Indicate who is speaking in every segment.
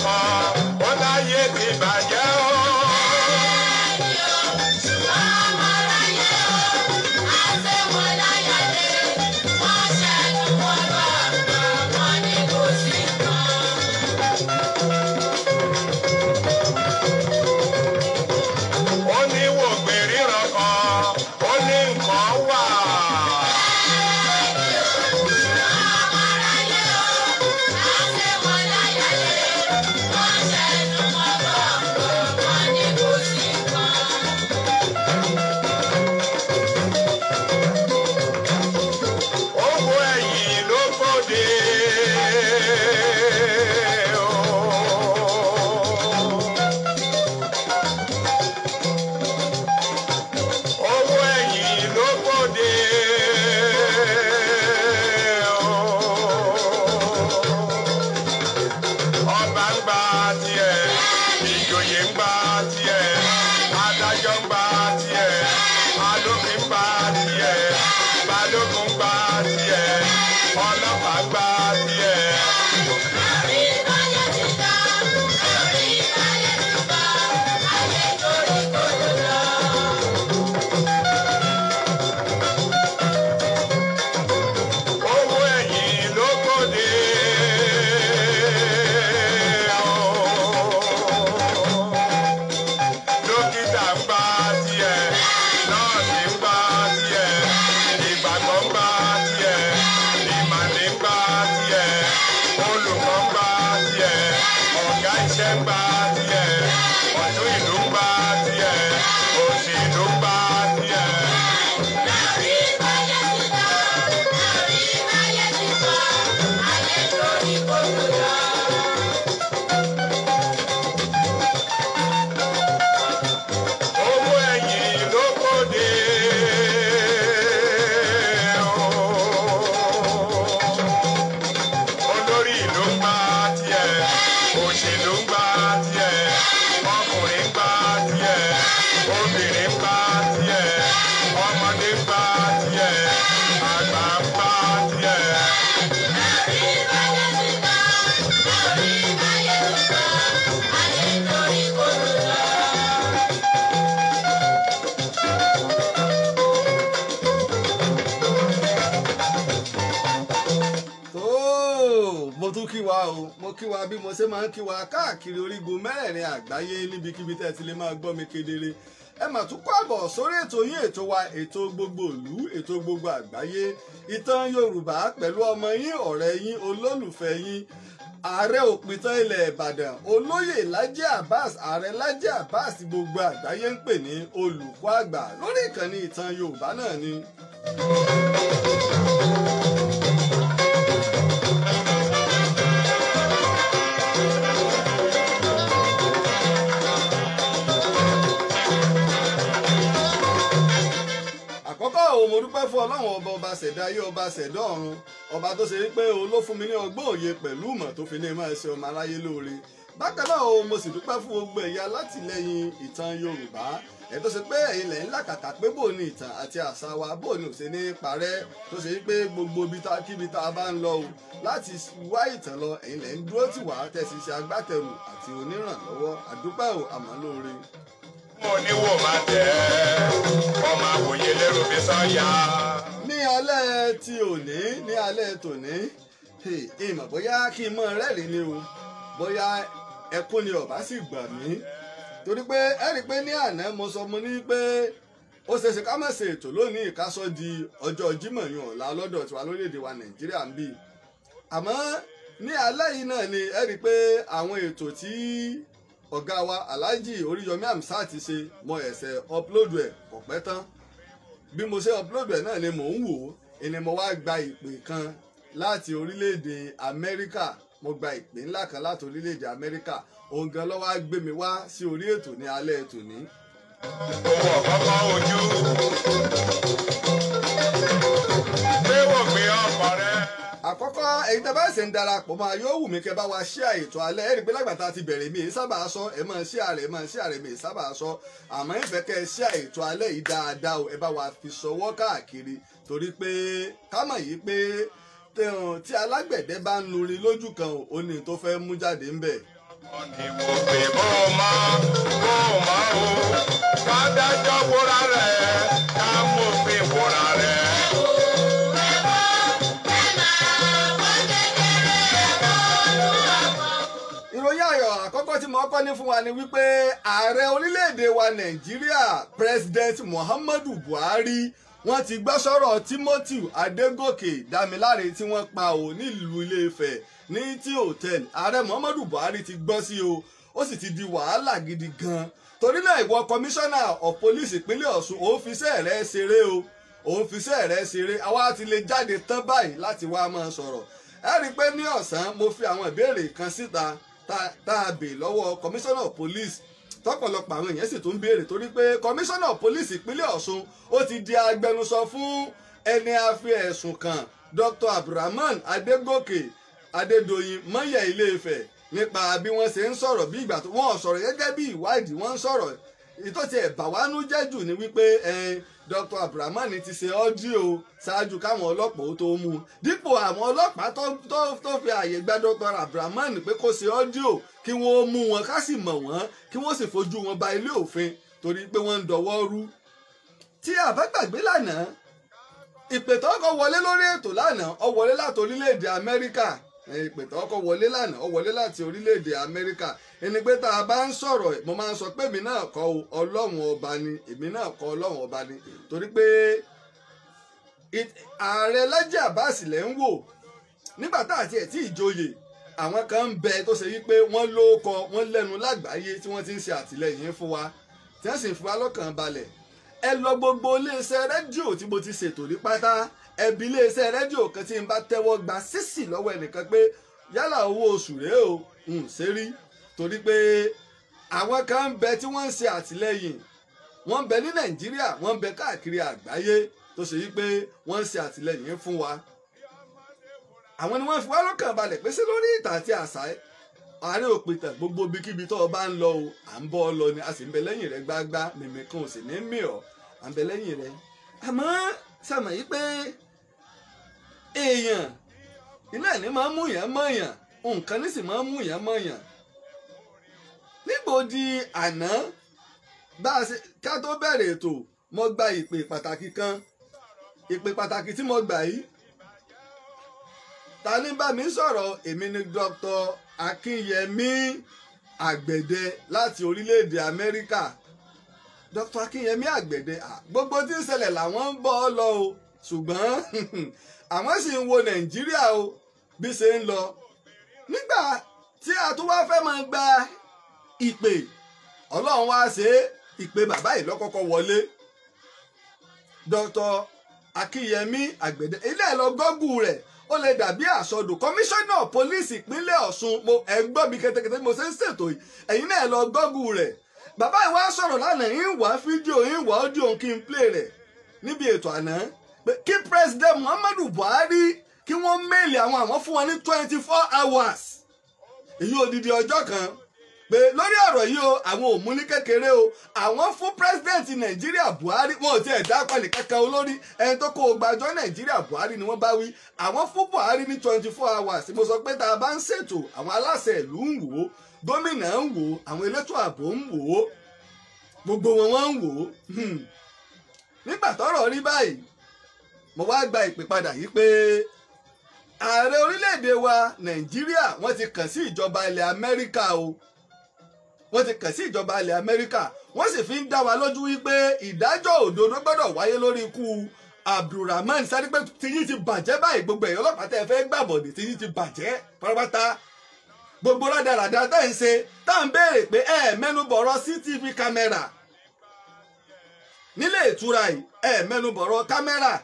Speaker 1: heart.
Speaker 2: mo kí wa bí mo ṣe máa ń kí wa káàkiri orígun mẹ́rẹ̀ẹ̀rin àgbáyé níbikíbi tẹ́ ti lè máa gbọ́ mi kedere ẹ mà tún kó àbọ̀ sórí ètò yín ètò wa ètò gbogbo ìlú ètò gbogbo àgbáyé ìtàn Yorùbá pẹ̀lú ọmọ yín ọ̀rẹ́ yín olólùfẹ́ yín ààrẹ òpìtàn ilẹ̀ Ìbàdàn olóyè Laji Abbas ààrẹ Laji Abbas gbogbo àgbáyé ń pè ní olùkọ́ àgbà lórí ìkànnì ìtàn Yorùbá náà ni. ò mo dúpẹ́ fún ọlọ́run ọba ọba ṣẹ̀dá ayé ọba ṣẹ̀dá ọ̀run ọba tó ṣe wípé o ló fún mi ní ọgbọ́n òye pẹ̀lú ìmọ̀ tó fi ní ìmọ̀ ẹ̀sìn ọmọ aráyé lóore bákan náà o mo sì dúpẹ́ fún gbogbo ẹ̀yà látìlẹ́yìn ìtàn yorùbá ẹ̀ tó ṣe pé ẹ̀yin lẹ̀ ń làkàkà pé bò ní ìtàn àti àṣà wa bò ní òṣè ní parẹ́ tó ṣe wípé gbogbo kíbi tá a bá ń lọ o láti wá ìtàn lọ ẹ̀yin lẹ̀ ń dúró tì wá tẹ̀sí ṣe agbátẹrù àti onírànlọ́wọ́ àdúpẹ́ o àmọ́ lóore mo ní wò máa tẹ̀
Speaker 1: ọmọ àwòye lérò mi sọ́yà.
Speaker 2: ní alẹ́ ti òní ní alẹ́ tòní ìmọ̀ bóyá kí n mọ rẹ́rìn ni o bóyá ẹkún ni ọba sì gbà mí torí pé ẹ rí i pé ní àná mo sọ mo ní pé ó ṣeéṣe ká má ṣe ètò lónìí ká sọ di ọjọ́ Jímọ̀ yàn ọ̀la lọ́dọ̀ tiwa lórílẹ̀‐èdè wa Nàìjíríà ń bì àmọ́ ní alẹ́ yìí náà ni ẹ rí i pé àwọn ètò tí ọ̀gá wa aláàjì oríyọmí amsa ti ṣe mo ẹ̀sẹ̀ ọ́pulóòdù ẹ̀ kò pẹ́ tán bí mo ṣe ọ́pulóòdù ẹ̀ náà ni mò ń wò ó ni mo wá gba ìpè kan láti orílẹ̀-èdè amẹ́ríkà mo gba ìpè ńlá kan láti orílẹ̀-èdè amẹ́ríkà òun gan ló wá gbé mi wá sí orí ètò ní alẹ́ ètò ní. owó ọ̀pá ojú gbé wò gbé ọkọ àkọ́kọ́ èyí tẹ́ bá ṣe ń darapọ̀ máa yóò wù mí kẹ́ bá wa ṣíà ètò alẹ́ ẹ̀rí pé lágbàtà ti bẹ̀rẹ̀ mi sábà sọ ẹ máa ṣíà rẹ̀ máa ṣíà rẹ̀ mi sábà sọ àmọ́ ìfẹ́ kẹ́ ṣíà ètò alẹ́ yìí dáadáa o ẹ bá wa fi ṣọwọ́ káàkiri torí pé kámọ̀ yìí pé tí alágbẹ̀dẹ bá ń nuri lójú kan ò ní tó fẹ́ mú jáde ńbẹ̀. ìwò pé bó máa bó máa mọ́kọ́ ní fún wa ni wípé ààrẹ orílẹ̀-èdè wa nàìjíríà president muhammadu buhari wọ́n ti gbọ́ sọ̀rọ̀ timothy adégòkè dámiláre tí wọ́n pa ò nílùú ilé-ifẹ̀ ní tí hòtẹ́ẹ̀lì ààrẹ muhammadu buhari ti gbọ́ sí o ó sì ti di wàhálà gidi gan torí náà ìwọ kọmíṣánná of police ìpínlẹ̀ ọ̀ṣun òun fi iṣẹ́ rẹ̀ ṣeré o òun fi iṣẹ́ rẹ̀ ṣeré àwa ti lè jáde tán báyìí láti wá máa sọ̀rọ̀ ẹ rí i pé ní ọ̀sán mo fi àwọn ìbéèrè kan síta tá a bè lọ́wọ́ kọmíṣánná police tọ́pọ̀lọpọ̀ àwọn èèyàn sì tún béèrè torí pé kọmíṣánná police ìpínlẹ̀ Ọ̀ṣun ó ti di agbẹnusọ fún ẹni a fi ẹ̀sùn kàn Dr. Abdulrahman Adégòkè Adédoyin mọ́yẹ̀ Ilé-Ifẹ̀ nípa bí wọ́n ṣe ń sọ̀rọ̀ bí ìgbà tó wọ́n sọ̀rọ̀ gẹ́gẹ́ bí ìwádìí wọ́n ń sọ̀rọ̀ ìtọ́tí ẹ̀ bàwánú jẹ́jù ni wípé Dr. Abdulrahman ti ṣe ọ́díò ṣáájú káwọn ọlọ́pàá ó tó mú un dípò àwọn ọlọ́pàá tó fi àyè gba Dr. Abdulrahman pé kó ṣe ọ́díò kí wọ́n mú wọn ká sì mọ̀ wọ́n kí wọ́n sì fojú wọn ba ilé òfin torí pé wọ́n ń dọwọ́ rú. tí a bá gbàgbé lánàá ìpètọ́ kan wọlé lórí ètò lánàá ó wọlé láti orílẹ̀-èdè Amẹ́ríkà ìpètọ́ ọkọ̀ wọlé lánàá ó wọlé láti orílẹ̀-èdè amẹ́ríkà ẹni pé tá a bá ń sọ̀rọ̀ mo máa ń sọ pé èmi náà kọ́ ọlọ́run ọba ni èmi náà kọ́ ọlọ́run ọba ni torí pé ààrẹ Lájí Abbas lẹ́ ń wò nígbà tá àti ẹ̀ tí ìjòyè àwọn kan ń bẹ tó ṣe wípé wọ́n ló kọ wọ́n lẹ́nu lágbàáyé tí wọ́n ti ń ṣe àtìlẹ́yìn fún wa tí wọ́n sì ń fi wa lọ́kàn balẹ̀ ẹ lọ gbogbo iléeṣẹ́ rédíò tí mo ti ṣètò ní pátá ẹbí iléeṣẹ́ rédíò kan tí n bá tẹ́wọ́ gba sísì lọ́wọ́ ẹnìkan pé yálà owó oṣù rèé o n ṣe rí torí pé àwọn kan ń bẹ tí wọ́n ń ṣe àtìlẹ́yìn wọ́n ń bẹ ní nàìjíríà wọ́n ń bẹ káàkiri àgbáyé tó ṣe yí pé wọ́n ń ṣe àtìlẹ́yìn fún wa àwọn ni wọ́n fi wá lọ́kàn balẹ̀ pé sí lórí ìtàn àti àṣà àárín òpìtàn gbogbo ibikíbi tó o bá ń lọ o à ń bọ́ ọ lọ ni a sì ń bẹ lẹ́yìn rẹ gbágbá mímí ò sì ní mí ọ à ń bẹ lẹ́yìn rẹ àmọ́ sàmọ̀ yí pé èèyàn iná ní máa ń mú yàn mọ̀yàn nǹkan ní sì máa ń mú yàn mọ̀yàn níbo di àná bá a ṣe ká tó bẹ̀rẹ̀ ètò mo gba ìpè pàtàkì kan ìpè pàtàkì tí mo gbà yìí ta ní bá mi sọ̀rọ̀ èmi ni Dr. Akínyẹmí àgbẹ̀dẹ láti orílẹ̀-èdè Amẹ́ríkà Dr. Akínyẹmí àgbẹ̀dẹ gbogbo tí ń ṣẹlẹ̀ làwọn ń bọ́ ọ lọ o ṣùgbọ́n àwọn sì ń wo nàìjíríà o bí ṣe ń lọ nígbà tí a tún wá fẹ́ máa gba ìpè ọlọ́run wá ṣe é ìpè bàbá yìí lọ́kọ́kọ́ wọlé dr akínyẹmí àgbẹ̀dẹ ilé ẹ̀ lọ gọ́gù rẹ̀ ó lè dàbí àsọdù kọmíṣánná pólíìsì ìpínlẹ̀ ọ̀ṣun mo ẹ̀ gbọ́ mi kẹtẹkẹtẹ mo ṣe ń ṣètò yìí ẹ̀yin náà lọ gọ́gù rẹ̀ bàbá yìí wá sọ̀rọ̀ lánàá yín wá fídíò yín wá ọ́díò kí n plé rẹ̀ níbi ètò àná pé kí president muhammadu buhari kí wọ́n méèlì àwọn àwọn fún wọn ní twenty four hours èyí odidi ọjọ́ kan pé lórí ọ̀rọ̀ yìí o àwọn ò mú ní kékeré o àwọn fún pírẹsidẹ́ǹtì nàìjíríà buhari wọn ò tiẹ̀ dá pẹ̀lú kankan olórí ẹni tó kó o gbàjọ́ nàìjíríà buhari ni wọ́n bá wí àwọn fún buhari ní twenty four hours mo sọ pé tá a bá ń ṣètò àwọn aláṣẹ ìlú ń wò ó gómìnà ń wò ó àwọn elétò ààbò ń wò ó gbogbo wọn wọn ń wò ó hmm. nígbà tọ́rọ̀ rí báyìí mo wá gba ìpè padà yìí pé ààrẹ orílẹ̀-èdè wa nàìjíríà wọ́n ti kàn sí ìjọba ilẹ̀ amẹ́ríkà o wọ́n ti kàn sí ìjọba ilẹ̀ amẹ́ríkà wọ́n sì fi ń dá wa lójú wípé ìdájọ́ òdodo gbọ́dọ̀ wáyé lórí ikú abdulrahman sadiqe tiyín ti bàjẹ́ báyìí gbogbo ẹ̀yọ́ ọlọ́pàá tẹ́ ẹ fẹ́ gbàbọ̀dé tiyín ti bàjẹ́ pátápátá gbogbo rádaràdà tá ń ṣe tá ń béèrè pé ẹ mẹ́nu bọ̀rọ̀ CCTV kámẹ́rà nílé ìtura yìí ẹ mẹ́nu bọ̀rọ̀ kámẹ́rà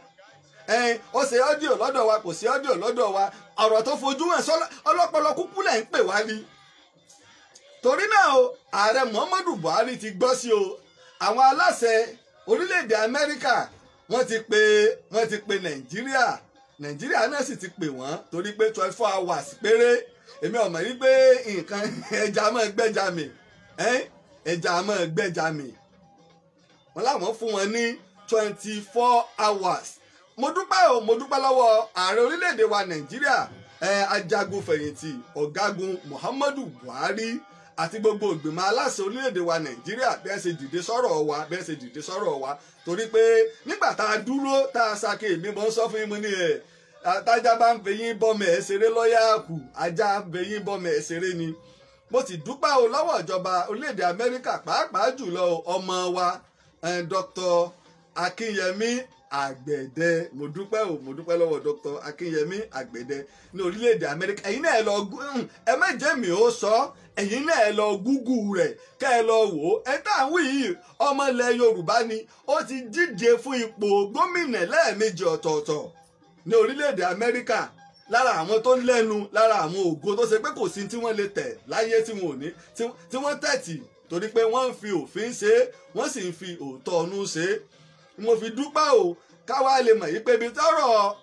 Speaker 2: ẹ̀ẹ́n ó ṣe ọ́díò lọ́dọ̀ wa kò ṣe ọ́díò lọ́dọ̀ wa ọ̀rọ̀ tó fojú hàn ọlọ́pọlọ kúkú lẹ̀ ń pè wá ni. torí náà o ààrẹ Muhammadu Buhari ti gbọ́ sí o àwọn aláṣẹ orílẹ̀-èdè Amẹ́ríkà wọ́n ti pè wọ́n ti pè Nàìjíríà Nàìjíríà náà sì ti pè wọ́n torí pé twenty four hours péré èmi ọ̀mọ̀ yìí pé nǹkan ẹja máa gbẹ́ja mi ẹja máa gbẹ́ja mi wọ́n láwọn fún wọn ní twenty four hours mo dúpẹ́ o mo dúpẹ́ lọ́wọ́ ààrẹ orílẹ̀-èdè wa nàìjíríà ajagun fẹ̀yìntì ọ̀gágun muhammadu buhari àti gbogbo ìgbìmọ̀ aláṣẹ orílẹ̀-èdè wa nàìjíríà bẹ́ẹ̀ ṣe dìde sọ̀rọ̀ wa bẹ́ẹ̀ ṣe dìde sọ̀rọ̀ wa torí pé nígbà tá a dúró tá a sake èmi mọ́ ń sọ fún mi ní ẹ̀ tájá bá ń fẹ̀yìn bọ́mẹ̀ ẹ̀ ṣeré lọ́yà kù ajá ń fẹ̀yìn ẹ̀ ṣeré ni mo sì dúpẹ́ o lọ́wọ́ ìjọba orílẹ̀-èdè amẹ́ríkà pàápàá jùlọ ọmọ wa Dr. Akinyemi àgbẹ̀dẹ mo dúpẹ́ o mo dúpẹ́ lọ́wọ́ Dr. Akínyẹmí àgbẹ̀dẹ ní orílẹ̀-èdè Amẹ́ríkà ẹ̀yin náà ẹ lọ hmm, ẹ mẹ́jẹ̀ mi ó sọ ẹ̀yin náà ẹ lọ gúgù rẹ̀ kẹ́ ẹ lọ wò ó ẹ tá à ń wí yìí ọmọ ilẹ̀ Yorùbá ni ó ti díje fún ipò gómìnà lẹ́ẹ̀mejì ọ̀tọ̀ọ̀tọ̀ ní orílẹ̀-èdè Amẹ́ríkà lára àwọn tó ń lẹ́nu lára àwọn ògo tó ṣe pé kò sí tí wọ́n lè tẹ̀ láyé tí wọn ò ní tí wọ́n tẹ̀tì torí pé wọ́n ń fi òfin ṣe é wọ́n sì ń fi òótọ́ ọ̀nù ṣe é mo fi dúpẹ́ o káwá lè mọ̀ yí pé ibi tọ́rọ̀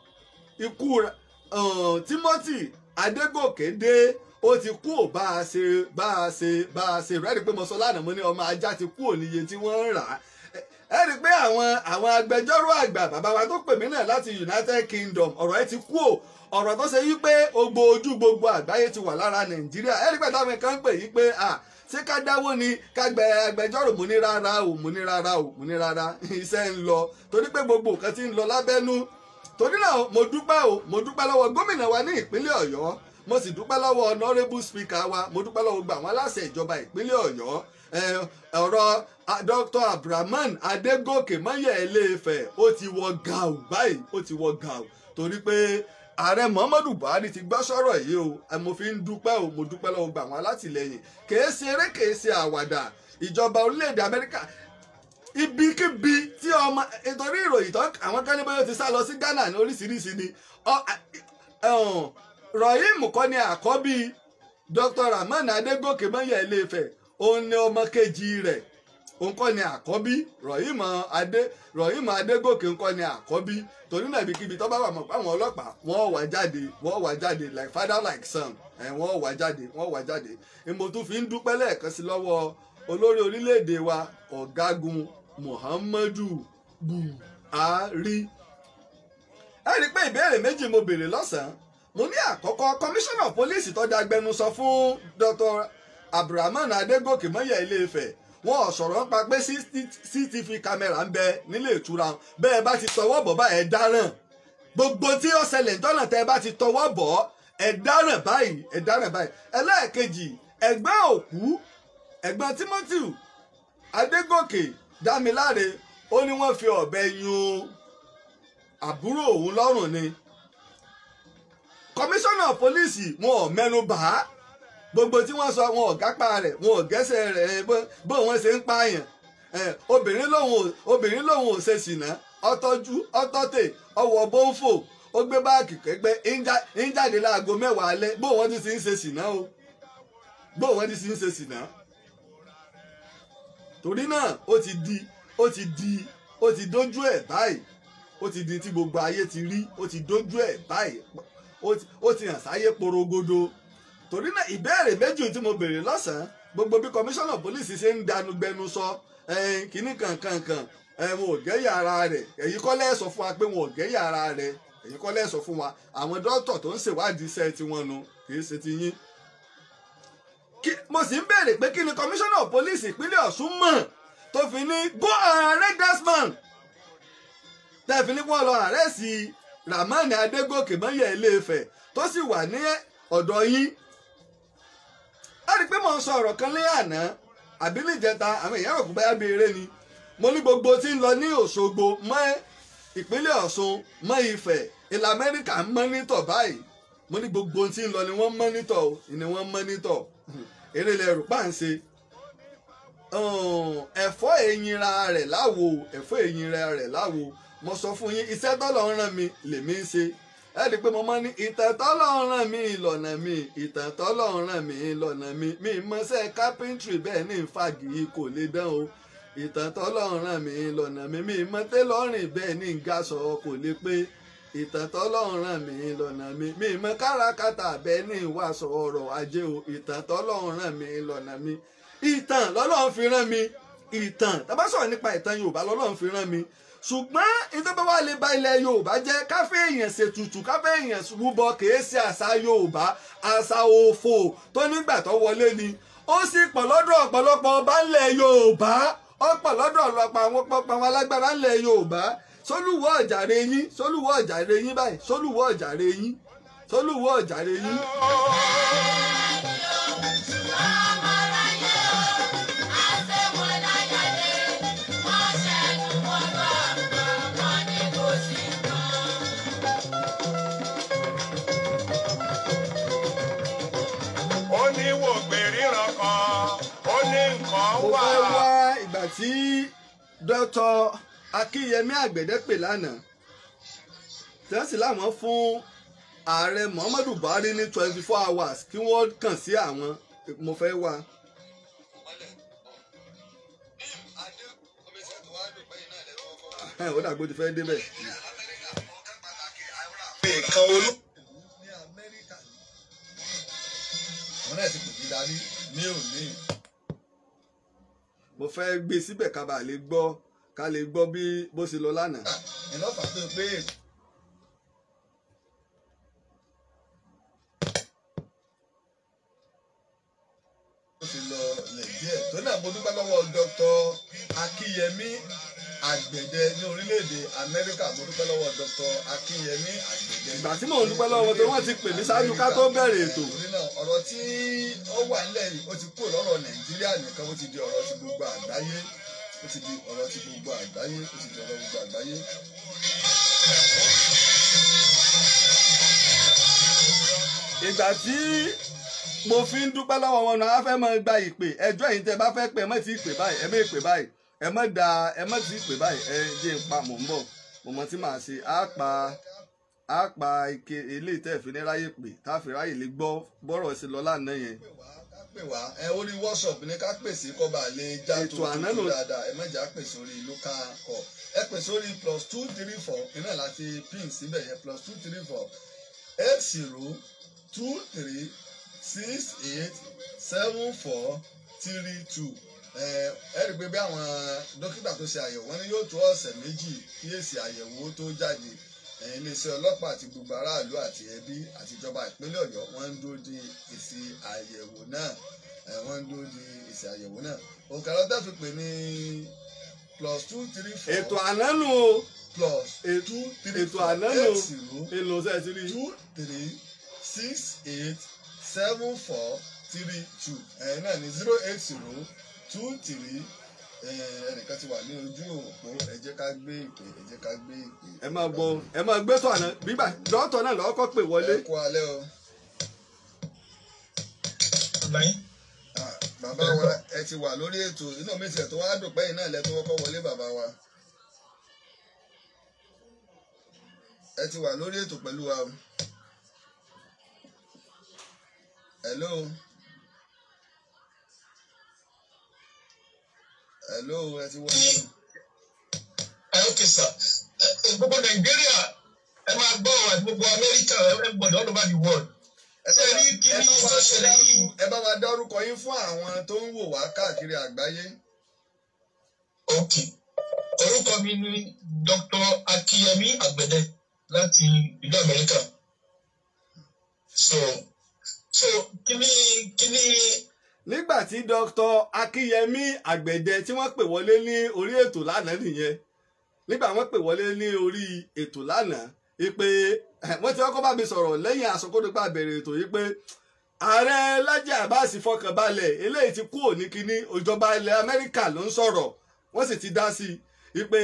Speaker 2: ikú eh, Timothy Adégòkè dé ó ti kú ò bá a ṣe bá a ṣe bá a ṣe rẹ́ẹ̀rí pé mo sọ lánàá mo ní ọmọ ajá ti kú ò níye tí wọ́n ń rà á ẹ rí i pé àwọn àwọn agbẹjọ́rò àgbà bàbá wa tó pè mí náà láti United Kingdom ọ̀rọ̀ ẹ ti kú ò ọ̀rọ̀ tó ṣe yí pé gbogbo ojú gbogbo àgbáyé ti wà lára Nàìjíríà ẹ rí i pé táwọn kan pè yí pé ah ṣé ká dáwó ni ká gbẹ agbẹjọ́rò mú ní rárá o mú ní rárá o mú ní rárá iṣẹ́ ń lọ torí pé gbogbo nǹkan ti ń lọ lábẹ́nú torí náà mo dúpẹ́ o mo dúpẹ́ lọ́wọ́ gómìnà wa ní ìpínlẹ̀ ọ̀yọ́ mo sì dúpẹ́ lọ́wọ́ honourable speaker wa mo dúpẹ́ lọ́wọ́ gbogbo àwọn aláṣẹ ìjọba ìpínlẹ̀ ọ̀yọ́ ọ̀rọ̀ dr abdulrahman adégòkè mọ́yẹ̀ẹ́lẹ́fẹ̀ ó ti wọ gàù báyìí ó ti wọ gàù torí pé ààrẹ muhammadu buhari ti gbọ́ sọ̀rọ̀ yìí o mo fi ń dúpẹ́ o mo dúpẹ́ lọ́wọ́ gbà wọ́n alátìlẹyìn kèé ṣe eré kèé ṣe àwàdà ìjọba orílẹ̀-èdè amẹ́ríkà ibikíbi tí ọmọ nítorí ìròyìn tán àwọn kan ní bóyá ti sá lọ sí ghana ní oríṣiríṣi ni rahim kọ́ ni àkọ́bí dr rahman adégòkè mọ́yà ilé Ifẹ̀ òun ni ọmọ kejì rẹ̀ ńkọ́ ni àkọ́bí rọ̀yìmọ̀ adé rọ̀yìmọ̀ adégòkè ńkọ́ ni àkọ́bí torí náà ibi tó bá wà mọ̀ àwọn ọlọ́pàá wọ́n wà jáde wọ́n wà jáde like father like son ẹ̀ wọ́n wà jáde wọ́n wà jáde mo tún fi ń dúpẹ́ lẹ́ẹ̀kan sí lọ́wọ́ olórí orílẹ̀-èdè wa ọ̀gágun Muhammadu Buhari ẹ rí i pé ìbéèrè méjì mo béèrè lọ́sàn-án mo ní àkọ́kọ́ kọmíṣánná pólíìsì tọ́jà di agbẹnusọ fún Dr. Abdulrahman adegoke mọ́yà Ilé-Ifẹ̀ wọn sọ̀rọ̀ pa pé CCTV kámẹ́rà ń bẹ nílé ìtura bẹ́ẹ̀ bá ti tọwọ́ bọ̀ bá ẹ̀ dáràn gbogbo tí ó ṣẹlẹ̀ jọ́nà tẹ́ bá ti tọwọ́ bọ̀ ẹ̀ dáràn báyìí ẹ̀ dáràn báyìí ẹlẹ́ẹ̀kejì ẹ̀gbẹ́ òkú ẹ̀gbọ́n Timothy Adégòkè Dámiláre ó ní wọ́n fi ọ̀bẹ yún àbúrò òun lọ́rùn ni kọmíṣánná pólíìsì wọn ò mẹ́nu bà á gbogbo tí wọ́n sọ wọn ò gápá rẹ̀ wọn ò rẹ̀ eh, bó wọn ṣe ń pààyàn eh, obìnrin lòun obìnrin lòun ò ṣe sìnà ọtọ́jú ọtọ́tẹ̀ ọwọ́ bóńfò ó gbé báàgì pẹ́pẹ́ ń jáde láago mẹ́wàá alẹ́ bó wọn ti ń ṣe sìnà o bó wọn ti ń ṣe sìnà torí náà ó ti di ó ti di ó ti dójú ẹ̀ báyìí ó ti di tí gbogbo ayé ti rí ó ti dójú ẹ̀ báyìí ó ti hàn sáyé porogodo torí náà ìbéèrè méjì tí mo béèrè lọ́sàn-án gbogbo bí kọmíṣánná pólísì ṣe ń dánugbẹnu sọ kínní kankankan wọn ò gẹ́yà ara rẹ̀ èyí kọ́ lẹ́ sọ fún wa pé wọn ò gẹ́yà ara rẹ̀ èyí kọ́ lẹ́ sọ fún wa àwọn dókítà tó ń ṣèwádìí iṣẹ́ tiwọn nu kì í ṣe ti yín. mo sì ń béèrè pé kí ni kọmíṣánná pólísì ìpínlẹ̀ Ọ̀ṣun mọ̀ tó fi ní go and arrest that man tẹ́ẹ̀fì ní wọ́n lọ àrẹ́sì Ramani Adégòkè mọ́yẹ̀ Ilé-Ifẹ̀ tó sì wà ní ọ̀dọ̀ yín ẹ rí i pé mò ń sọ ọ̀rọ̀ kan lé àná àbí níjẹta àwọn èèyàn rò pé bí eré ni mo ní gbogbo tí ń lọ ní Òṣogbo mọ́ ìpínlẹ̀ Ọ̀ṣun mọ́ Ifẹ̀ ilẹ̀ Amẹ́ríkà ń mọ́nítọ̀ báyìí mo ní gbogbo tí ń lọ ni wọ́n mọ́nítọ̀ ni wọ́n mọ́nítọ̀ eré ilẹ̀ rò páǹṣe ẹ̀fọ́ ẹ̀yìnra rẹ̀ láwo ẹ̀fọ́ ẹ̀yìnra rẹ̀ láwo mo sọ fún yín iṣẹ́ tọ́lọ́ ń rán mi lèmi ń ṣe ẹ rí pé mo máa ní ìtàn tọ́lọ́run ràn mí ìlọ̀nà mi ìtàn tọ́lọ́run ràn mí ìlọ̀nà mi mi mọṣẹ́ kápẹ́ńtìrì bẹ́ẹ̀ ní ìfàgì kò lè dán o ìtàn ràn mí ìlọ̀nà mi mi mọ́tẹ́ lọ́rìn bẹ́ẹ̀ ní ìgasọ̀ kò lè pé ìtàn ràn mí ìlọ̀nà mi mi mọ́ káràkátà bẹ́ẹ̀ ní ìwàsọ̀ ọ̀rọ̀ ajé o ìtàn tọ́lọ́run ràn mí ìlọ̀nà mi ìtàn lọ́lọ́run ṣùgbọ́n ìjọba wa lè ba ilẹ̀ yorùbá jẹ́ káfẹ́ èèyàn ṣètùtù káfẹ́ èèyàn rúbọ kìí ṣe àṣà yorùbá àṣà òfò tó nígbà tó wọlé ni ó sì pọ̀ lọ́dọ̀ ọ̀pọ̀lọpọ̀ ọba ńlẹ̀ yorùbá ó pọ̀ lọ́dọ̀ ọ̀pọ̀lọpọ̀ àwọn pọpọ àwọn alágbára ńlẹ̀ yorùbá sólùwọ ọjàre yín sólùwọ ọjàre yín báyìí sólùwọ ọjàre yín sólùwọ ọjàre yín. tí dókítà akínyẹmí àgbẹ̀dẹ pè lánàá tí wọ́n sì láwọn fún ààrẹ muhammadu buhari ní twenty four hours kí wọ́n kàn sí àwọn mo fẹ́ wá. ó dàgbò ti fẹ́ débẹ̀. nǹkan olú. àwọn náà ti kò bí dání ní òní mo fẹ́ gbé síbẹ̀ ká bàa lè gbọ́ ká lè gbọ́ bí bó ṣe lọ lánàá.
Speaker 3: ẹ̀rọ pàtó pé ó ti lọ lẹ̀ díẹ̀ tó náà mo dúpẹ́ lọ́wọ́ dr akínyẹmí
Speaker 2: àgbẹ̀dẹ ní orílẹ̀-èdè amẹ́ríkà mo dúpẹ́ lọ́wọ́ dr akínyẹmí àgbẹ̀dẹ. ìgbà tí mò ń dúpẹ́ lọ́wọ́ tó wọ́n ti pè mí ṣáájú ká tó bẹ̀rẹ̀ ètò. ọ̀rọ̀ tí ó wà nílẹ̀ yìí ó ti kúrò lọ́rọ̀ nàìjíríà nìkan ó ti di ọ̀rọ̀ ti gbogbo àgbáyé ó ti di ọ̀rọ̀ ti gbogbo àgbáyé ó ti di ọ̀rọ̀ gbogbo àgbáyé. ìgbà tí mo fi ń dúpẹ́ lọ́wọ́ wọn náà á fẹ́ mọ gba ìpè ẹjọ́ yìí ẹ má da ẹ má ti pè báyìí ẹ jẹ́ n pa mò ń bọ̀ mo mọ tí màá ṣe á pa á pa ike ilé ìtẹ́ fi ní ráyè pè tá a fi ráyè lè gbọ́ bọ́rọ̀ sí lọ lánàá yẹn. ẹ ó rí workshop ní ká pè sí kọba lè já tó tó dáadáa ẹ mẹ́jà pè sórí local call ẹ pè sórí plus two three four iná láti pin síbẹ̀ yẹn plus two three four eight zero two three six eight seven four three two ẹ pé bí àwọn dókítà tó ṣe àyẹ̀wò wọn ni yóò tó ọ̀sẹ̀ méjì kí èsì àyẹ̀wò tó jáde iléeṣẹ́ ọlọ́pàá àti gbogbo aráàlú àti ẹbí àti ìjọba ìpínlẹ̀ ọ̀yọ́ wọ́n ń dúró de èsì àyẹ̀wò náà wọ́n ń dúró de èsì àyẹ̀wò náà òǹkà lọ́dọ̀ fi pè ní plus two three four. ètò àná plus two three four eight zero two three six eight seven four three two ẹ̀ náà ní zero eight zero two three eh, ẹnìkan ti wà ní ojú òpó ẹ jẹ́ ká gbé ìpè ẹ jẹ́ ká gbé ìpè. ẹ máa gbọ́ ẹ máa gbé tó àná gbígbà dọ́tọ̀ náà lọ́kọ́ pè wọlé. ẹ kú alẹ́ o. Ah, bàbá wa ẹ ti wà lórí ètò inú mi tiẹ̀ tó wá dùn pẹ́yìn náà lẹ́tọ́ kọ́kọ́ wọlé bàbá wa. ẹ ti wà lórí ètò pẹ̀lú wa. hello ẹ ti wọlé. ẹ ó kè sà gbogbo nàìjíríà ẹ máa gbọ́ gbogbo amẹ́ríkà ẹ gbọ́dọ̀ all over the world. ṣé rí kíní tó ṣẹlẹ̀ yìí. ẹ bá wa dárúkọ yín fún àwọn tó ń wò wá káàkiri àgbáyé. ok orúkọ mi ni Dr. Akínyẹmí Àgbẹ̀dẹ láti ìlú amẹ́ríkà. so so kíní kíní nígbà tí Dr. Akínyẹmí Àgbẹ̀dẹ tí wọ́n pè wọlé ní orí ètò lánàá nìyẹn nígbà wọ́n pè wọlé ní orí ètò lánàá ìpè wọ́n ti kọ́kọ́ bá mi sọ̀rọ̀ lẹ́yìn àsọkódópa bẹ̀rẹ̀ ètò yìí pé ààrẹ Laji Abbas fọkàn balẹ̀ eléyìí ti kú òní kínní ìjọba ilẹ̀ Amẹ́ríkà ló ń sọ̀rọ̀ wọ́n sì ti dá sí i pé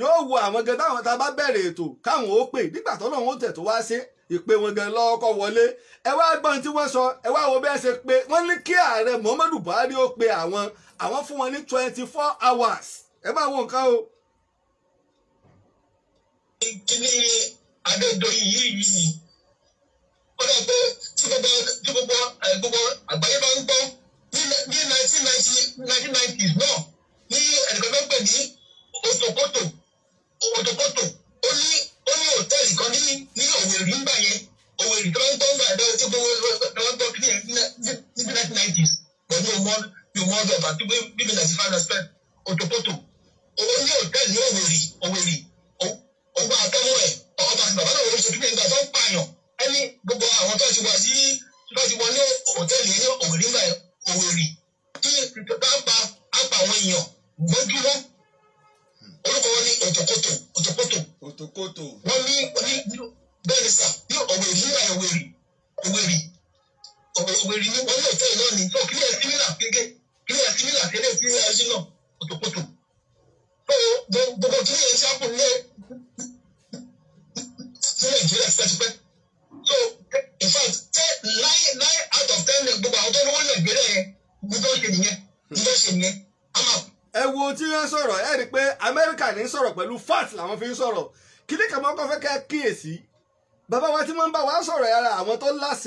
Speaker 2: yóò wo àwọn gan táwọn tá a bá bẹ̀rẹ̀ ètò káwọn ó pè nígbà tó lọ́wọ́ tẹ̀ tó wá ṣe ìpè wọn gan lọ́kọ́ wọlé ẹ wá gbọ́n tí wọ́n sọ ẹ wá wo bẹ́ẹ̀ ṣe pé wọ́n ní kí ààrẹ Muhammadu Buhari ó pe àwọn àwọn fún wọn ní twenty four hours ẹ bá wo nǹkan o. kíní
Speaker 4: Adédoyin yìí yìí ó dà pé tí gbogbo tí gbogbo àgbáyé máa ń gbọ́ ní nineteen ninety nineteen nineties náà.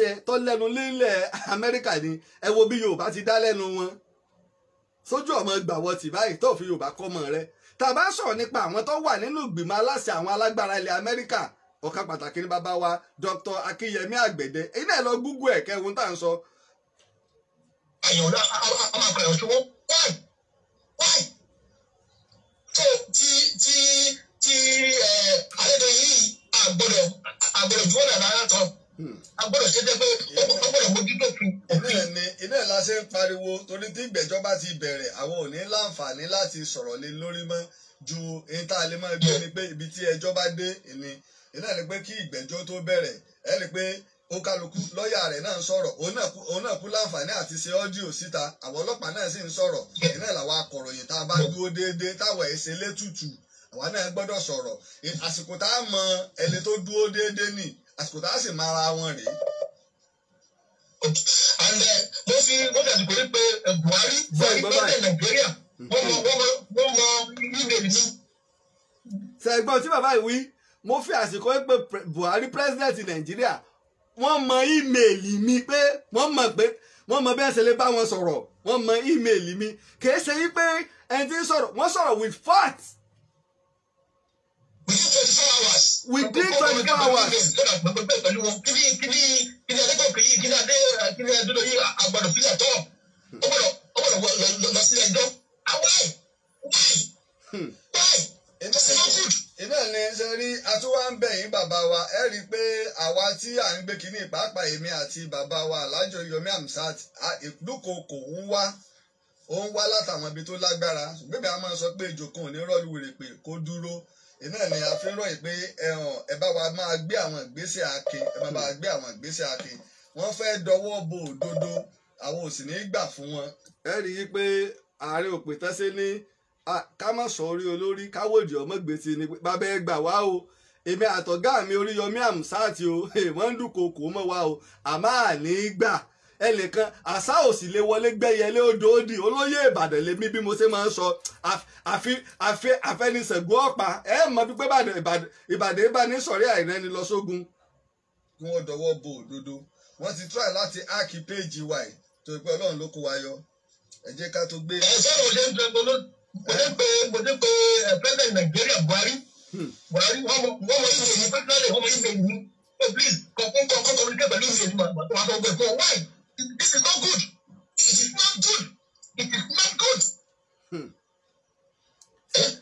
Speaker 2: yẹ tó lẹ́nu lílẹ̀ amẹ́ríkà ni ẹ wo bí yorùbá ti dá lẹ́nu wọn sójú ọmọ gbàwọ tì báyìí tó fi yorùbá kọ́mọ rẹ tàbá sọ̀rọ̀ nípa àwọn tó wà nínú ìgbìmọ̀ aláṣẹ àwọn alágbára ilẹ̀ amẹ́ríkà ọ̀kan pàtàkì ní bàbá wa dr akínyẹmí àgbẹ̀dẹ èyí náà lọ Google ẹ̀ kẹwọn tá à ń sọ. àyàn náà a máa gbàyàn ṣòwò wáì wáì
Speaker 4: tó ti ti ti ẹ àlejò yìí
Speaker 2: àgbọ́dọ̀ àgbọ́dọ̀ jùlọ nàlá yàtọ̀ a gbọ́dọ̀ ṣe pé ó gbọ́dọ̀ mójútó fún. iná ẹ̀ ni iná ẹ̀ la ṣe ń pariwo torí tí ìgbẹ́jọ́ bá ti bẹ̀rẹ̀ àwọn ò ní láǹfààní láti sọ̀rọ̀ lé lórí mọ́ ju èyí tá a lè máa gbé ni pé ibi tí ẹjọ́ bá dé ni iná ni pé kí ìgbẹ́jọ́ tó bẹ̀rẹ̀ ẹ̀ ni pé ó kálukú lọ́ọ̀yà rẹ̀ náà ń sọ̀rọ̀ òun náà kú láǹfààní àti ṣe ọ́díò síta àwọn ọlọ́pàá náà sì ń sọ̀rọ̀ iná làwọn akọ̀ròyìn tá a bá dúró déédéé táwọn ẹ̀ ṣe létùtù àwa náà gbọ́dọ̀ sọ̀rọ̀ àsìkò tá a mọ ẹni tó dúró déédéé nì àsìkò tá a sì máa ra wọn rèé. and eh, mo fi wọ́n dàbí pé pé Buhari Buhari tó dé Nàìjíríà hmm. wọ́n mọ wọ́n mọ email mi. ṣẹ̀gbọ́n tí bàbá yìí wí mo fi àsìkò pé Buhari president Nàìjíríà wọ́n mọ ímeèlì mi pé wọ́n mọ̀ pé wọ́n mọ bí wọ́n ṣe lè bá wọn sọ̀rọ̀ wọ́n mọ ímeèlì mi kìí ṣe yí pé ẹni tí ń sọ̀rọ̀ wọ́n sọ̀rọ̀ with fact. within twenty four hours We did four
Speaker 4: hours. kí ni
Speaker 2: kí ni ṣe rí atúwá ń bẹ̀yìn bàbá wa ẹ rí i pé àwa tí à ń gbé kínní pàápàá èmi àti bàbá wa alájọ yomi amsat ìdúkokò ń wá ó ń wá látàwọn ibi tó lágbára ṣùgbọ́n a máa sọ pé ìjòkó ò ní rọ́ọ̀lù pé kó dúró iná ni a fi ń ròyìn pé ẹ bá wa máa gbé àwọn ìgbésẹ̀ akin ẹ bá wa gbé àwọn ìgbésẹ̀ akin wọ́n fẹ́ dọwọ́ bo òdodo àwọn ò sì ní í gbà fún wọn. ẹ rí i pé ààrẹ òpè tẹ́sí ní ká má sọ orí olórí káwọ́dì ọmọ ni bàbá ẹ gbà wá o èmi àtọ̀gá mi Oríyọmí Àmúsáàtì o wọ́n ń dúnkokò mọ́ wa o àmọ́ àní gbà ẹnìkan àṣà ò sì lè wọlé gbẹ́yẹlé odò òdì olóyè ìbàdàn lèmi bí mo ṣe máa ń sọ àfẹnisẹ̀gùn ọ̀pá ẹ mọ bí pé ìbàdàn ìbánisọ̀rí àìrẹ́ni lọ sógun. kí wọ́n dọwọ́ bo òdodo wọ́n ti try láti áàkì péèjì wa ẹ̀ tó pé ọlọ́run ló kó wa yọ ẹ jẹ́ ká tó gbé. ọ̀sẹ̀ ò ṣe ń tẹ mo dé pé mo dé pé eh, president Nàìjíríà Buhari hmm. Buhari wọ́n mọ ìròyìn pẹ́ẹ́tẹ́lẹ̀
Speaker 4: wọ́n mọ ìròyìn oh please kọ̀ọ̀kan kọ̀ọ̀kan communicate pẹ̀lú ìròyìn màtọ́ àtọ́gbẹ̀fọ́ why. This is
Speaker 2: not good. It is not good. It is not good.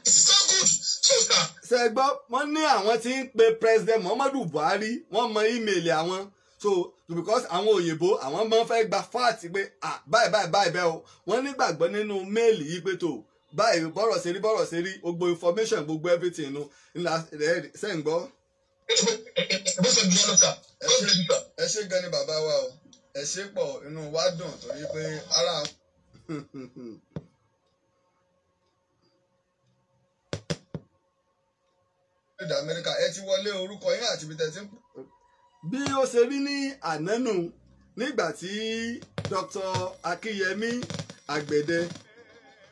Speaker 2: This is not good. So sir. Ṣé gbọ́, wọ́n ní àwọn tí ń pe President Muhammadu Buhari, wọ́n mọ ímeèlì àwọn so because àwọn òyìnbó àwọn máa ń fẹ́ gba fáàtì pé ah báyìí báyìí báyìí bẹ́ẹ̀ o wọ́n nígbàgbọ́ nínú méèlì yìí pé tó báyìí bọ́rọ̀ sí rí bọ́rọ̀ sí rí gbogbo information gbogbo everything nu ńlá rẹ̀ sẹ́ǹgbọ́. ẹ ṣe gan ni bàbá wa o ẹ ṣe pọ̀ inú wa dùn torí pé ara. orílẹ̀-èdè amẹ́ríkà ẹ ti wọlé orúkọ yín àti ibi tẹ̀sí. bí ó ṣe rí ní ànánù nígbà tí Dr. Akínyẹmí Àgbẹ̀dẹ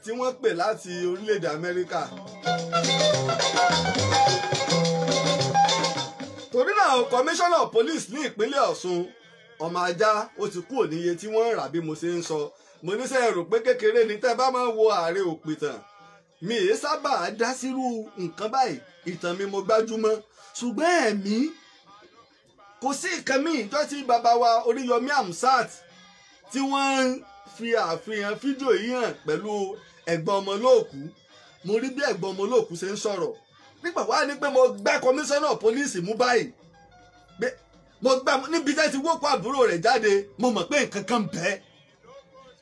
Speaker 2: tí wọ́n pè láti orílẹ̀-èdè amẹ́ríkà. torí náà komisanna police ní ìpínlẹ̀ Ọ̀ṣun ọmọ ajá ó ti kúrò níye tí wọ́n ń rà bí mo ṣe ń sọ mo ní rò pé kékeré ni tẹ́ bá máa ń wo ààrẹ òpìtàn mi ì sábà dá sírú nǹkan báyìí ìtàn mi mo gbájúmọ́ ṣùgbọ́n ẹ̀mí kò sí nǹkan míì tó ti bàbá wa Oríyọmí Hamzat tí wọ́n ń fi àfihàn fídíò yìí hàn pẹ̀lú ẹ̀gbọ́n ọmọ olóòkú mo rí bí ẹ̀gbọ́n ọmọ olóòkú ṣe ń sọ̀rọ̀ nígbà wá ní pé mo gbá kọmíṣánná pólíìsì mú báyìí mo gbà níbi tẹ́ ti wọ́pọ̀ àbúrò rẹ̀ jáde mo mọ̀ pé nǹkan kan bẹ́ẹ̀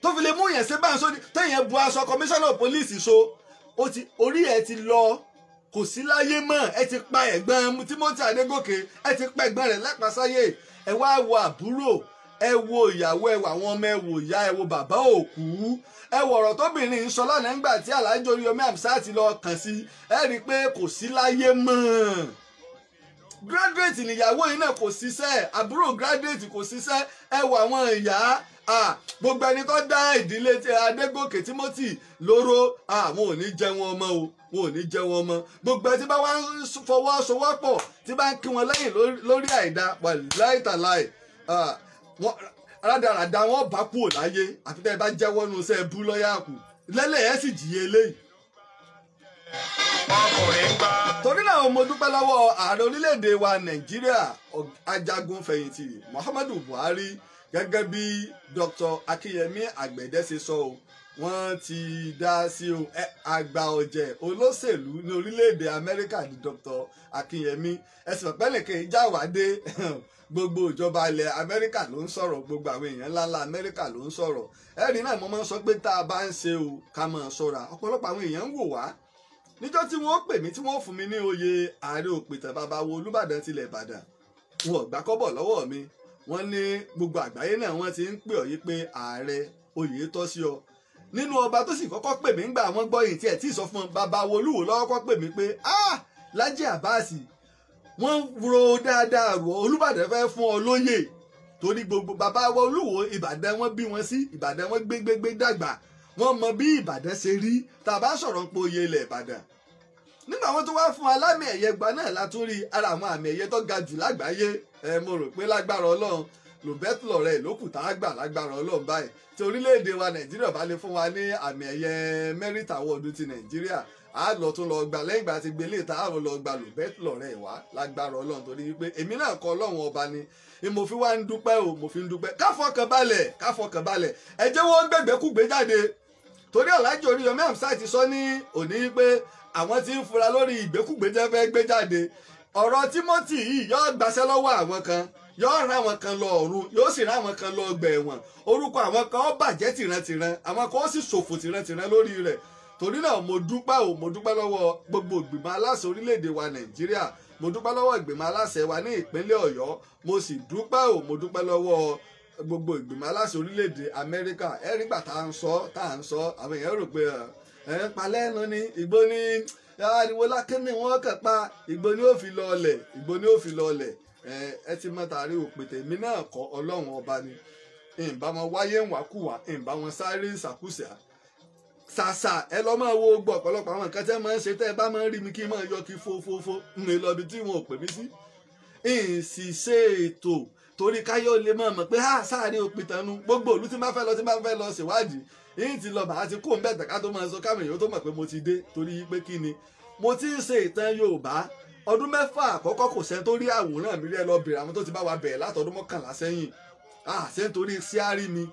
Speaker 2: tó fi lè mú yẹn ṣe báyìí sódì téèyàn bu aṣọ kọmíṣánná pólíìsì so ó ti orí ẹ ti lọ kò sí láyé mọ́ ẹ ti pa ẹ̀gbọ́n Timothy Adégòkè ẹ ti pa ẹ̀gbọ́n rẹ̀ lápasáyé ẹ wá wo àbúrò ẹ wo ìyàwó ẹ wo àwọn ọmọ ẹ wo ìyá ẹ wo bàbá òkú ẹ wo ọ̀rọ̀ tóbìnrin ń sọ lánàá ńgbà tí alájọ Oríyọmí Amsat lọ kàn sí ẹ rí i pé kò sí láyé mọ́ graduate nìyàwó yìí náà kò ṣiṣẹ́ àbúrò graduate kò ṣiṣẹ́ ẹ wọ àwọn ìyá gbogbo ẹni tó dá ìdílé Adégòkè Timothy lóró àwọn ò ní jẹ wọn ọmọ o wọn ò ní jẹ wọn ọmọ gbogbo ẹ tí bá wá ń fọwọ́sowọ́pọ̀ tí bá ń kí wọn lẹ́yìn lórí àìda wà láìtàláì rádaràda wọn bá kú ò láyé àfi tẹ́ ẹ bá jẹ́wọ́ nu iṣẹ́ bú lọ́yà kù lẹ́lẹ̀ sì jìyẹ eléyìí ọkùnrin gbá. torí náà mo dúpẹ́ lọ́wọ́ ààrẹ orílẹ̀-èdè wa nàìjíríà ajagun fẹ̀yìntì muhammadu buhari gẹ́gẹ́ bí dr akínyẹmí àgbẹ̀dẹ ṣe sọ o wọ́n ti dá sí o àgbà ọ̀jẹ̀ olóṣèlú ní orílẹ̀-èdè amẹ́ríkà ní dr akínyẹmí ẹ̀sìn pẹ̀lẹ́kẹ̀ jáwádé gbogbo ìjọba ilẹ̀ amẹ́ríkà ló ń sọ̀rọ̀ gbogbo àwọn èèyàn ńláńlá amẹ́ríkà ló ń sọ̀rọ̀ ẹ̀rí náà mo máa ń sọ pé tá a bá ń ṣe o ká máa ṣọ́ra níjọ́ tí wọ́n pè mí tí wọ́n fún mi ní oyè ààrẹ òpìtàn bàbá wo olùbàdàn tilẹ̀ ìbàdàn wọn ò gbà kọ́bọ̀ lọ́wọ́ mi wọ́n ní gbogbo àgbáyé náà wọ́n ti ń pè ọ́ yí pé ààrẹ oyè tọ́ sí ọ nínú ọba tó sì kọ́kọ́ pè mí ńgbà wọ́n gbọ́ yìí tí ẹ̀ tí ì sọ fún bàbá wo olúwo lọ́wọ́ kọ́ pè mí pé ah Lájí Àbáàsì wọ́n ro dáadáa rò olùbàdàn fẹ́ fún ọ lóyè torí gbogbo bàbá wo olúwo ìbàdàn wọn bí wọn sí ìbàdàn wọn gbégbégbé dàgbà wọ́n mọ bí ìbàdàn ṣe rí tàbá sọ̀rọ̀ pé oyè ilẹ̀ ìbàdàn nígbà wọn tó wá fún alámì ẹ̀yẹ gba náà látúrí ara àwọn àmì ẹ̀yẹ tó ga jù lágbàáyé ẹ mo rò pé lágbára ọlọ́run lòbẹ́tù lọ̀rẹ́ lókùtà àgbà lágbára ọlọ́run báyìí tí orílẹ̀-èdè wa nàìjíríà bá lè fún wa ní àmì ẹ̀yẹ merit award ti nàìjíríà a lọ tún lọ gba lẹ́yìn ìgbà tí gbélé ta a lọ gba lòbẹ́tù lọ̀rẹ́ wá lágbára ọlọ́run torí wípé èmi náà kọ ọlọ́run ọba ni mo fi wá ń dúpẹ́ o mo fi ń dúpẹ́ káfọkànbalẹ̀ káfọkànbalẹ̀ ẹ jẹ́ wọ́n gbẹ̀gbẹ́kúgbé jáde torí Alhaji Oríyọmí Hamzat ti sọ ní òní pé àwọn ti ń fura lórí ìgbékúgbé jẹ́ fẹ́ gbé jáde ọ̀rọ̀ Timothy yìí yóò gbaṣẹ́ lọ́wọ́ àwọn kan yóò rán àwọn kan lọ ọ̀run yóò sì rán àwọn kan lọ ọgbà ẹ̀wọ̀n orúkọ àwọn kan ó bàjẹ́ tìrantìran àwọn kan ó sì ṣòfò tìrantìran lórí rẹ̀ torí náà mo dúpẹ́ o mo dúpẹ́ lọ́wọ́ gbogbo ìgbìmọ̀ aláṣẹ orílẹ̀-èdè wa Nàìjíríà mo dúpẹ́ lọ́wọ́ ìgbìmọ̀ aláṣẹ wa ní ìpínlẹ̀ Ọ̀yọ́ mo sì dúpẹ́ o mo dúpẹ́ lọ́wọ́ gbogbo ìgbìmọ̀ aláṣẹ orílẹ̀-èdè amẹ́ríkà ẹ nígbà tá à ń sọ tá à ń sọ àwọn èèyàn rò pé ẹ ń pa lẹ́nu ní igbó ní ariwo lákínní wọn kàn pa igbó ní ó fi lọ ọlẹ̀ igbó ní ó fi lọ ọlẹ̀ ẹ ti mọ tàrí òpètè mi náà kọ́ ọlọ́run ọba ni ìbá wọn wáyé ń wákùwà ìbá wọn sáré ìsàkúsà sàṣà ẹ lọ máa wo gbọ ọ̀pọ̀lọpọ̀ àwọn nǹkan tẹ́ máa ń ṣe tẹ́ ẹ bá máa ń rí mi kí n máa yọ kí fófófó ń lọ ibi tí wọn ò pè mí sí ìsìsẹ́ ètò torí káyọ̀ lè mọ̀ mọ̀ pé ha sáàrin òpin tanu gbogbo òlu tí máa fẹ́ lọ tí máa fẹ́ lọ ṣèwádìí yìí ti lọ màá ti kó ń bẹ̀ tàkà tó máa sọ káwọn èèyàn tó mọ̀ pé mo ti dé torí pé kí ni mo ti ń ṣe ìtàn Yorùbá ọdún mẹ́fà àkọ́kọ́ kò sẹ́ni tó rí àwòrán mi rí ẹ lọ bèrè àwọn tó ti bá wa bẹ̀rẹ̀ látọdún mọ́kànlá sẹ́yìn ah ṣé nítorí síárì mi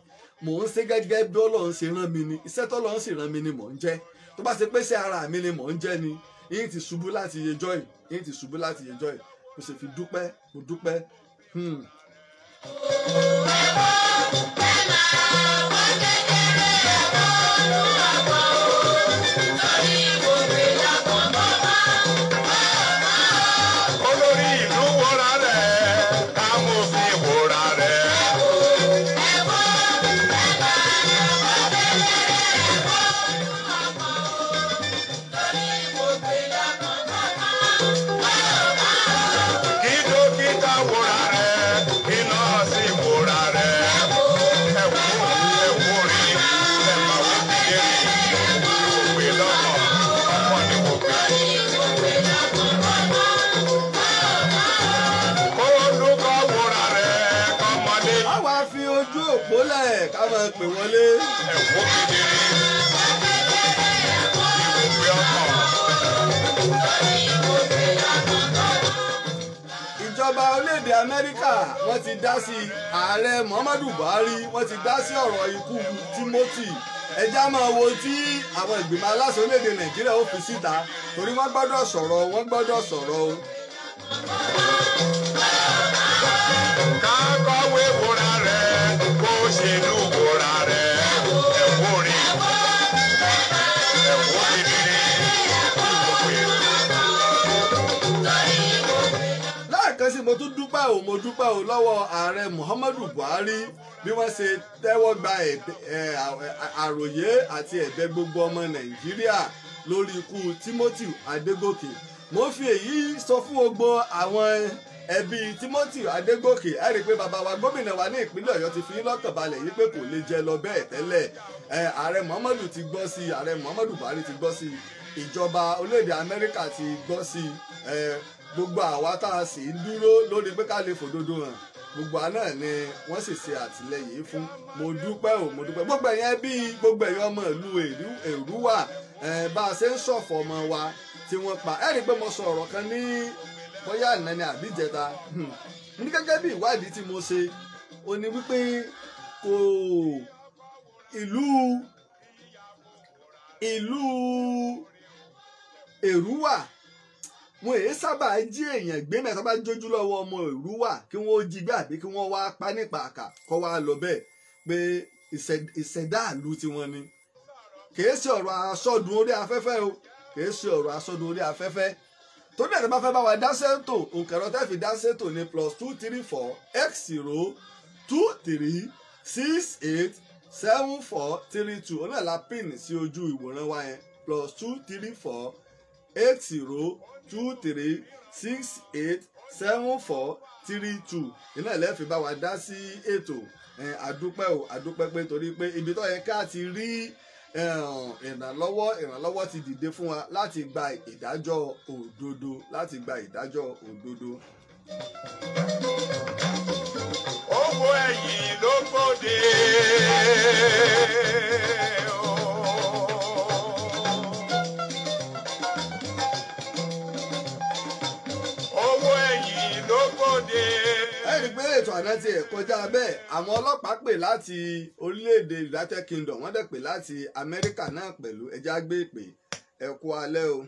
Speaker 2: mò ń ṣe gẹ́gẹ́ bí Ọlọ́run ṣe rán mi ni iṣẹ́ tọ́lọ́run sì rán mi ni mò ń jẹ́ tó bá ṣe pé ṣé ara mi ni mò ń jẹ́ ni yín ti ṣubú láti yejọ́ yìí yín ti ṣubú láti yejọ́ yìí mo sì fi dúpẹ́ mo dúpẹ́ hmm. Mama, mama. máa pè wọlé. ẹ̀wọ́ kedere ìwòpẹ́ ọkàn. ìjọba orílẹ̀-èdè amẹ́ríkà wọ́n ti dá sí ààrẹ muhammadu buhari wọ́n ti dá sí ọ̀rọ̀ ikú timothy ẹjá máa wo tí àwọn ìgbìmọ̀ aláṣẹ orílẹ̀-èdè nàìjíríà ó fi síta torí wọ́n gbọ́dọ̀ sọ̀rọ̀ wọ́n gbọ́dọ̀ sọ̀rọ̀ o. ká kọ́wé wúra rẹ̀ kó ṣèlú. mo tún dúpẹ́ o mo dúpẹ́ o lọ́wọ́ ààrẹ Muhammadu Buhari bí wọ́n ṣe tẹ́wọ́ gba àròyé àti ẹ̀bẹ̀ gbogbo ọmọ Nàìjíríà lórí ikú Timothy Adegoke, mo fi èyí sọ fún gbogbo àwọn ẹbí Timothy Adegoke, ẹ rí i pé bàbá wa gómìnà wa ní ìpínlẹ̀ Ọ̀yọ́ ti fi í lọ́kàn yí pé kò lè jẹ lọ bẹ́ẹ̀ tẹ́lẹ̀ ààrẹ Muhammadu ti gbọ́ sí i ààrẹ Muhammadu Buhari ti gbọ́ sí i ìjọba orílẹ̀-èdè Amẹ́ríkà ti gbọ́ sí i gbogbo àwa tá a sì ń dúró lórí pé ká lè fòdodo hàn gbogbo àná ni wọ́n sì ṣe àtìlẹyìn fún mo dúpẹ́ o mo dúpẹ́ gbogbo ẹ̀yẹn bí gbogbo ẹ̀yẹ ọmọ ìlú Èrúwà bá a ṣe ń ṣọ̀fọ̀ ọmọ wa tí wọ́n pa ẹ̀rí pé mo sọ ọ̀rọ̀ kan ní bóyá àná ni àbí ìjẹta hmm. ní gẹ́gẹ́ bí ìwádìí tí mo ṣe ó ní wípé kò ìlú ìlú Èrúwà. E wọn èé sábà jí èèyàn gbé mẹ́ta bá jójú lọ́wọ́ ọmọ ìlú wà kí wọ́n ó jí gbé àbí kí wọ́n wá pa nípa àkà kọ́ wá lọ bẹ́ẹ̀ pé ìṣẹ̀dá ìlú tiwọn ni kìí ṣe ọ̀rọ̀ asọ́dun orí afẹ́fẹ́ o kìí ṣe ọ̀rọ̀ asọ́dun orí afẹ́fẹ́ tó ẹ̀rọ bá fẹ́ bá wa dá sẹ́ńtò òǹkẹ̀rọ tẹ́ fi dá sẹ́ńtò ní plus two three four x zero two three six eight seven four three two la pin sí ojú ìwòran wa yẹn plus two three four eight zero two three six eight seven four three two iná ẹlẹ́fìn bá wa dá sí ètò àdúpẹ́ o àdúpẹ́ pé torí pé ibi tó yẹ ká ti rí ìrànlọ́wọ́ ìrànlọ́wọ́ ti dìde fún wa láti gba ìdájọ́ òdodo láti gba ìdájọ́ òdodo.
Speaker 1: owó ẹ̀yìn ló gbòde.
Speaker 2: àná ti ẹ̀ kọjá bẹ́ẹ̀ àwọn ọlọ́pàá pè láti orílẹ̀-èdè United Kingdom wọ́n dẹ̀ pè láti Amẹ́ríkà náà pẹ̀lú ẹja gbé pè ẹ kú alẹ́ o.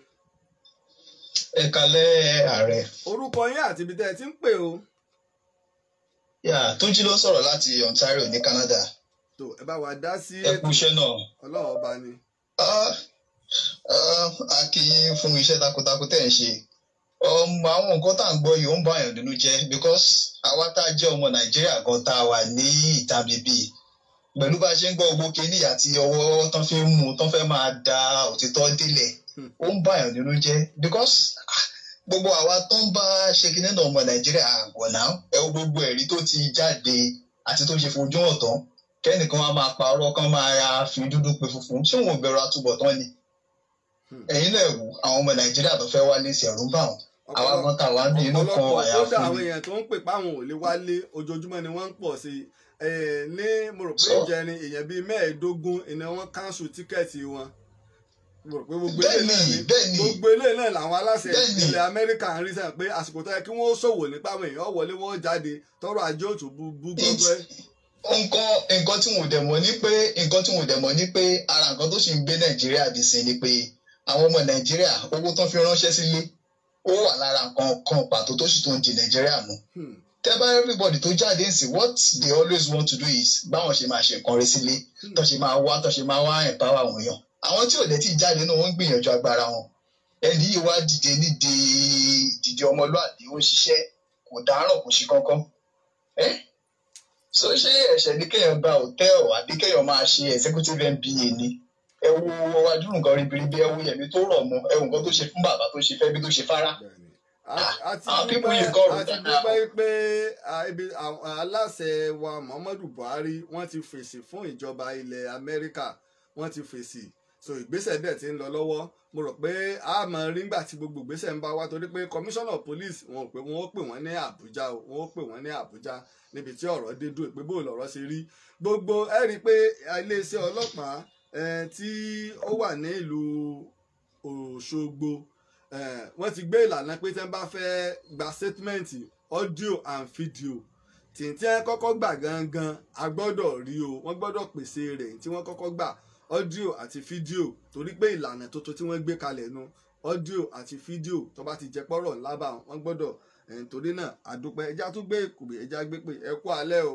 Speaker 2: ẹ kalẹ́ ààrẹ. orúkọ yín àti ibi tẹ́ ẹ ti ń pè
Speaker 5: o. yà Túnjí ló sọ̀rọ̀ láti Ontario ní Canada. tó ẹ bá wa dá sí ètò ẹ kú iṣẹ́ náà. ọlọ́run ọba ni. Ah, ah, a kí yín fún iṣẹ́ takuntakun tẹ̀ ń ṣe Um, àwọn nǹkan tá à ń gbọ́ yìí ó ń báyàn nínú jẹ́ because àwa tá a jẹ́ ọmọ nàìjíríà gan tá a wà ní ìta bíbí pẹ̀lú bá a ṣe ń gbọ́ owó kínní àti ọwọ́ tán fi ń mú tán fẹ́ máa da òtítọ́ délẹ̀ ó ń báyàn nínú jẹ́ because ah, gbogbo àwa tó ń bá ṣe kínní náà ọmọ nàìjíríà àgọ̀nà ẹ gbogbo ẹ̀rí tó ti jáde àti tó ṣe fojú hàn tán kẹ́nìkan á máa parọ́ kán máa ra fi dúdú pe funfun ṣé wọn ò bẹ̀rù àtúbọ̀tán ni hmm. ẹ̀yin náà wò àwọn ọmọ nàìjíríà tó fẹ́ wá lè ṣẹ̀rú bá wọn àwa mọ́ta wa ní inú kan àyàfi. ọ̀pọ̀lọpọ̀ àwọn èèyàn
Speaker 2: tó ń pè páwọn ò lè wálé ojoojúmọ́ ni wọ́n ń pọ̀ sí i ní mo rò pé ìjẹrin èèyàn bíi mẹ́ẹ̀ẹ́dógún ìná wọn káńsù tíkẹ́ẹ̀tì wọn pé gbogbo gbogbo ilé náà làwọn aláṣẹ ilẹ̀ amẹ́ríkà ń rí sàn pé àsìkò tó yẹ kí wọ́n ṣòwò nípa àwọn èèyàn wọlé wọ́n jáde tọrọ ajé òtù bú gbọ́gbẹ́. nǹkan nǹkan
Speaker 5: tí wọn ó wà lára nǹkan kan pàtó tó sì tó ń di nàìjíríà mú hmm. tẹ́bá everybody tó jáde ń sìn what they always want to do is báwọn ṣe máa ṣe nǹkan rẹ sílé hmm. tó ṣe máa wá tó ṣe máa wá empower àwọn èèyàn àwọn tí ò lè ti jáde náà wọ́n ń gbìyànjú agbára wọn ẹni yìí wá dìde níde dìde ọmọlúàbí ó ń ṣiṣẹ́ kò dáràn kò ṣe kankan ẹ so ṣé ẹ̀ṣẹ̀ ní kéèyàn gba hòtẹ́ẹ̀lì àbí kéèyàn máa ṣe executive MBA ni ẹ wo adúrú nǹkan ribiribi ẹ wo yẹmi tó rọ̀ mọ́ ẹ wo nǹkan tó ṣe fún bàbá tó ṣe fẹ́ bí tó ṣe fara
Speaker 2: àti pípẹ́ pé ibi aláṣẹ wa Muhammadu Buhari wọ́n ti fèsì fún ìjọba ilẹ̀ Amẹ́ríkà wọ́n ti fèsì so ìgbésẹ̀ dẹ̀ ti ń lọ lọ́wọ́ mo rò pé a máa rí nígbà tí gbogbo ìgbésẹ̀ ń bá wa torí pé komisanna police wọn ò pé wọn ó pè wọ́n ní Àbújá o wọn ó pè wọ́n ní Àbújá níbi tí ọ̀rọ̀ dé dúró pé bóòlù ọ̀rọ̀ ṣe rí gbogbo ẹ rí i pé iléeṣẹ́ ọlọ́pàá tí ó wà ní ìlú Òṣogbo wọ́n ti gbé ìlànà pé tí wọ́n bá fẹ́ gba statement audio and video tìǹtì ẹ kọ́kọ́ gbà gangan a gbọ́dọ̀ rí o wọ́n gbọ́dọ̀ pèsè rẹ̀ tí wọ́n kọ́kọ́ gbà audio àti fídíò torí pé ìlànà tuntun tí wọ́n gbé kalẹ̀ nu audio àti fídíò tó bá ti jẹ pọ́rọ̀ lábà wọ́n gbọ́dọ̀ torí náà àdúpẹ́ ẹja tún gbé èkùbè ẹja gbé pé ẹ kú alẹ́ o.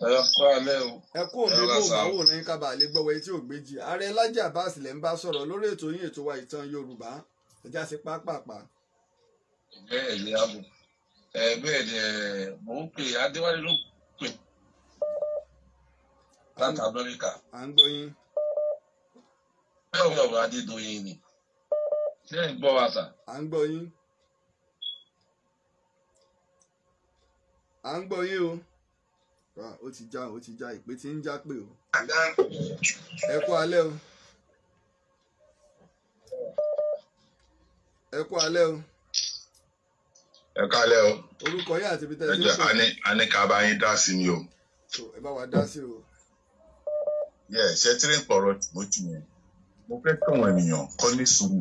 Speaker 2: ẹ kú òbí bò máwòrán yín kábàá lè gbọ́wọ́ etí ògbéjì ààrẹ Laji Abbas lè ń bá sọ̀rọ̀ lórí ètò yín ètò wa ìtàn Yorùbá ẹja sí pápápá.
Speaker 1: bẹ́ẹ̀ ni abo bẹ́ẹ̀ ni mò ń pè ń gbọ́ yín. bẹ́ẹ̀ ni ọ̀rọ̀
Speaker 2: ni ṣé gbọ́ wa sà. ń gbọ́ yín. ó ti já ó ti já ìpè tí ń já pé o ẹ kú alẹ́ o ẹ kú alẹ́ o. ẹ
Speaker 1: kálẹ́ o. orúkọ yín àti ibi tẹ́ ẹ ti ń sọ. a ní ká bá yín dá sí mi o. ẹ bá wa dá sí o. yẹ ṣe tí ń pọ̀rọ̀ tìmọ́tì yẹn mo fẹ́ káwọn ènìyàn kọ́ ní sùúrù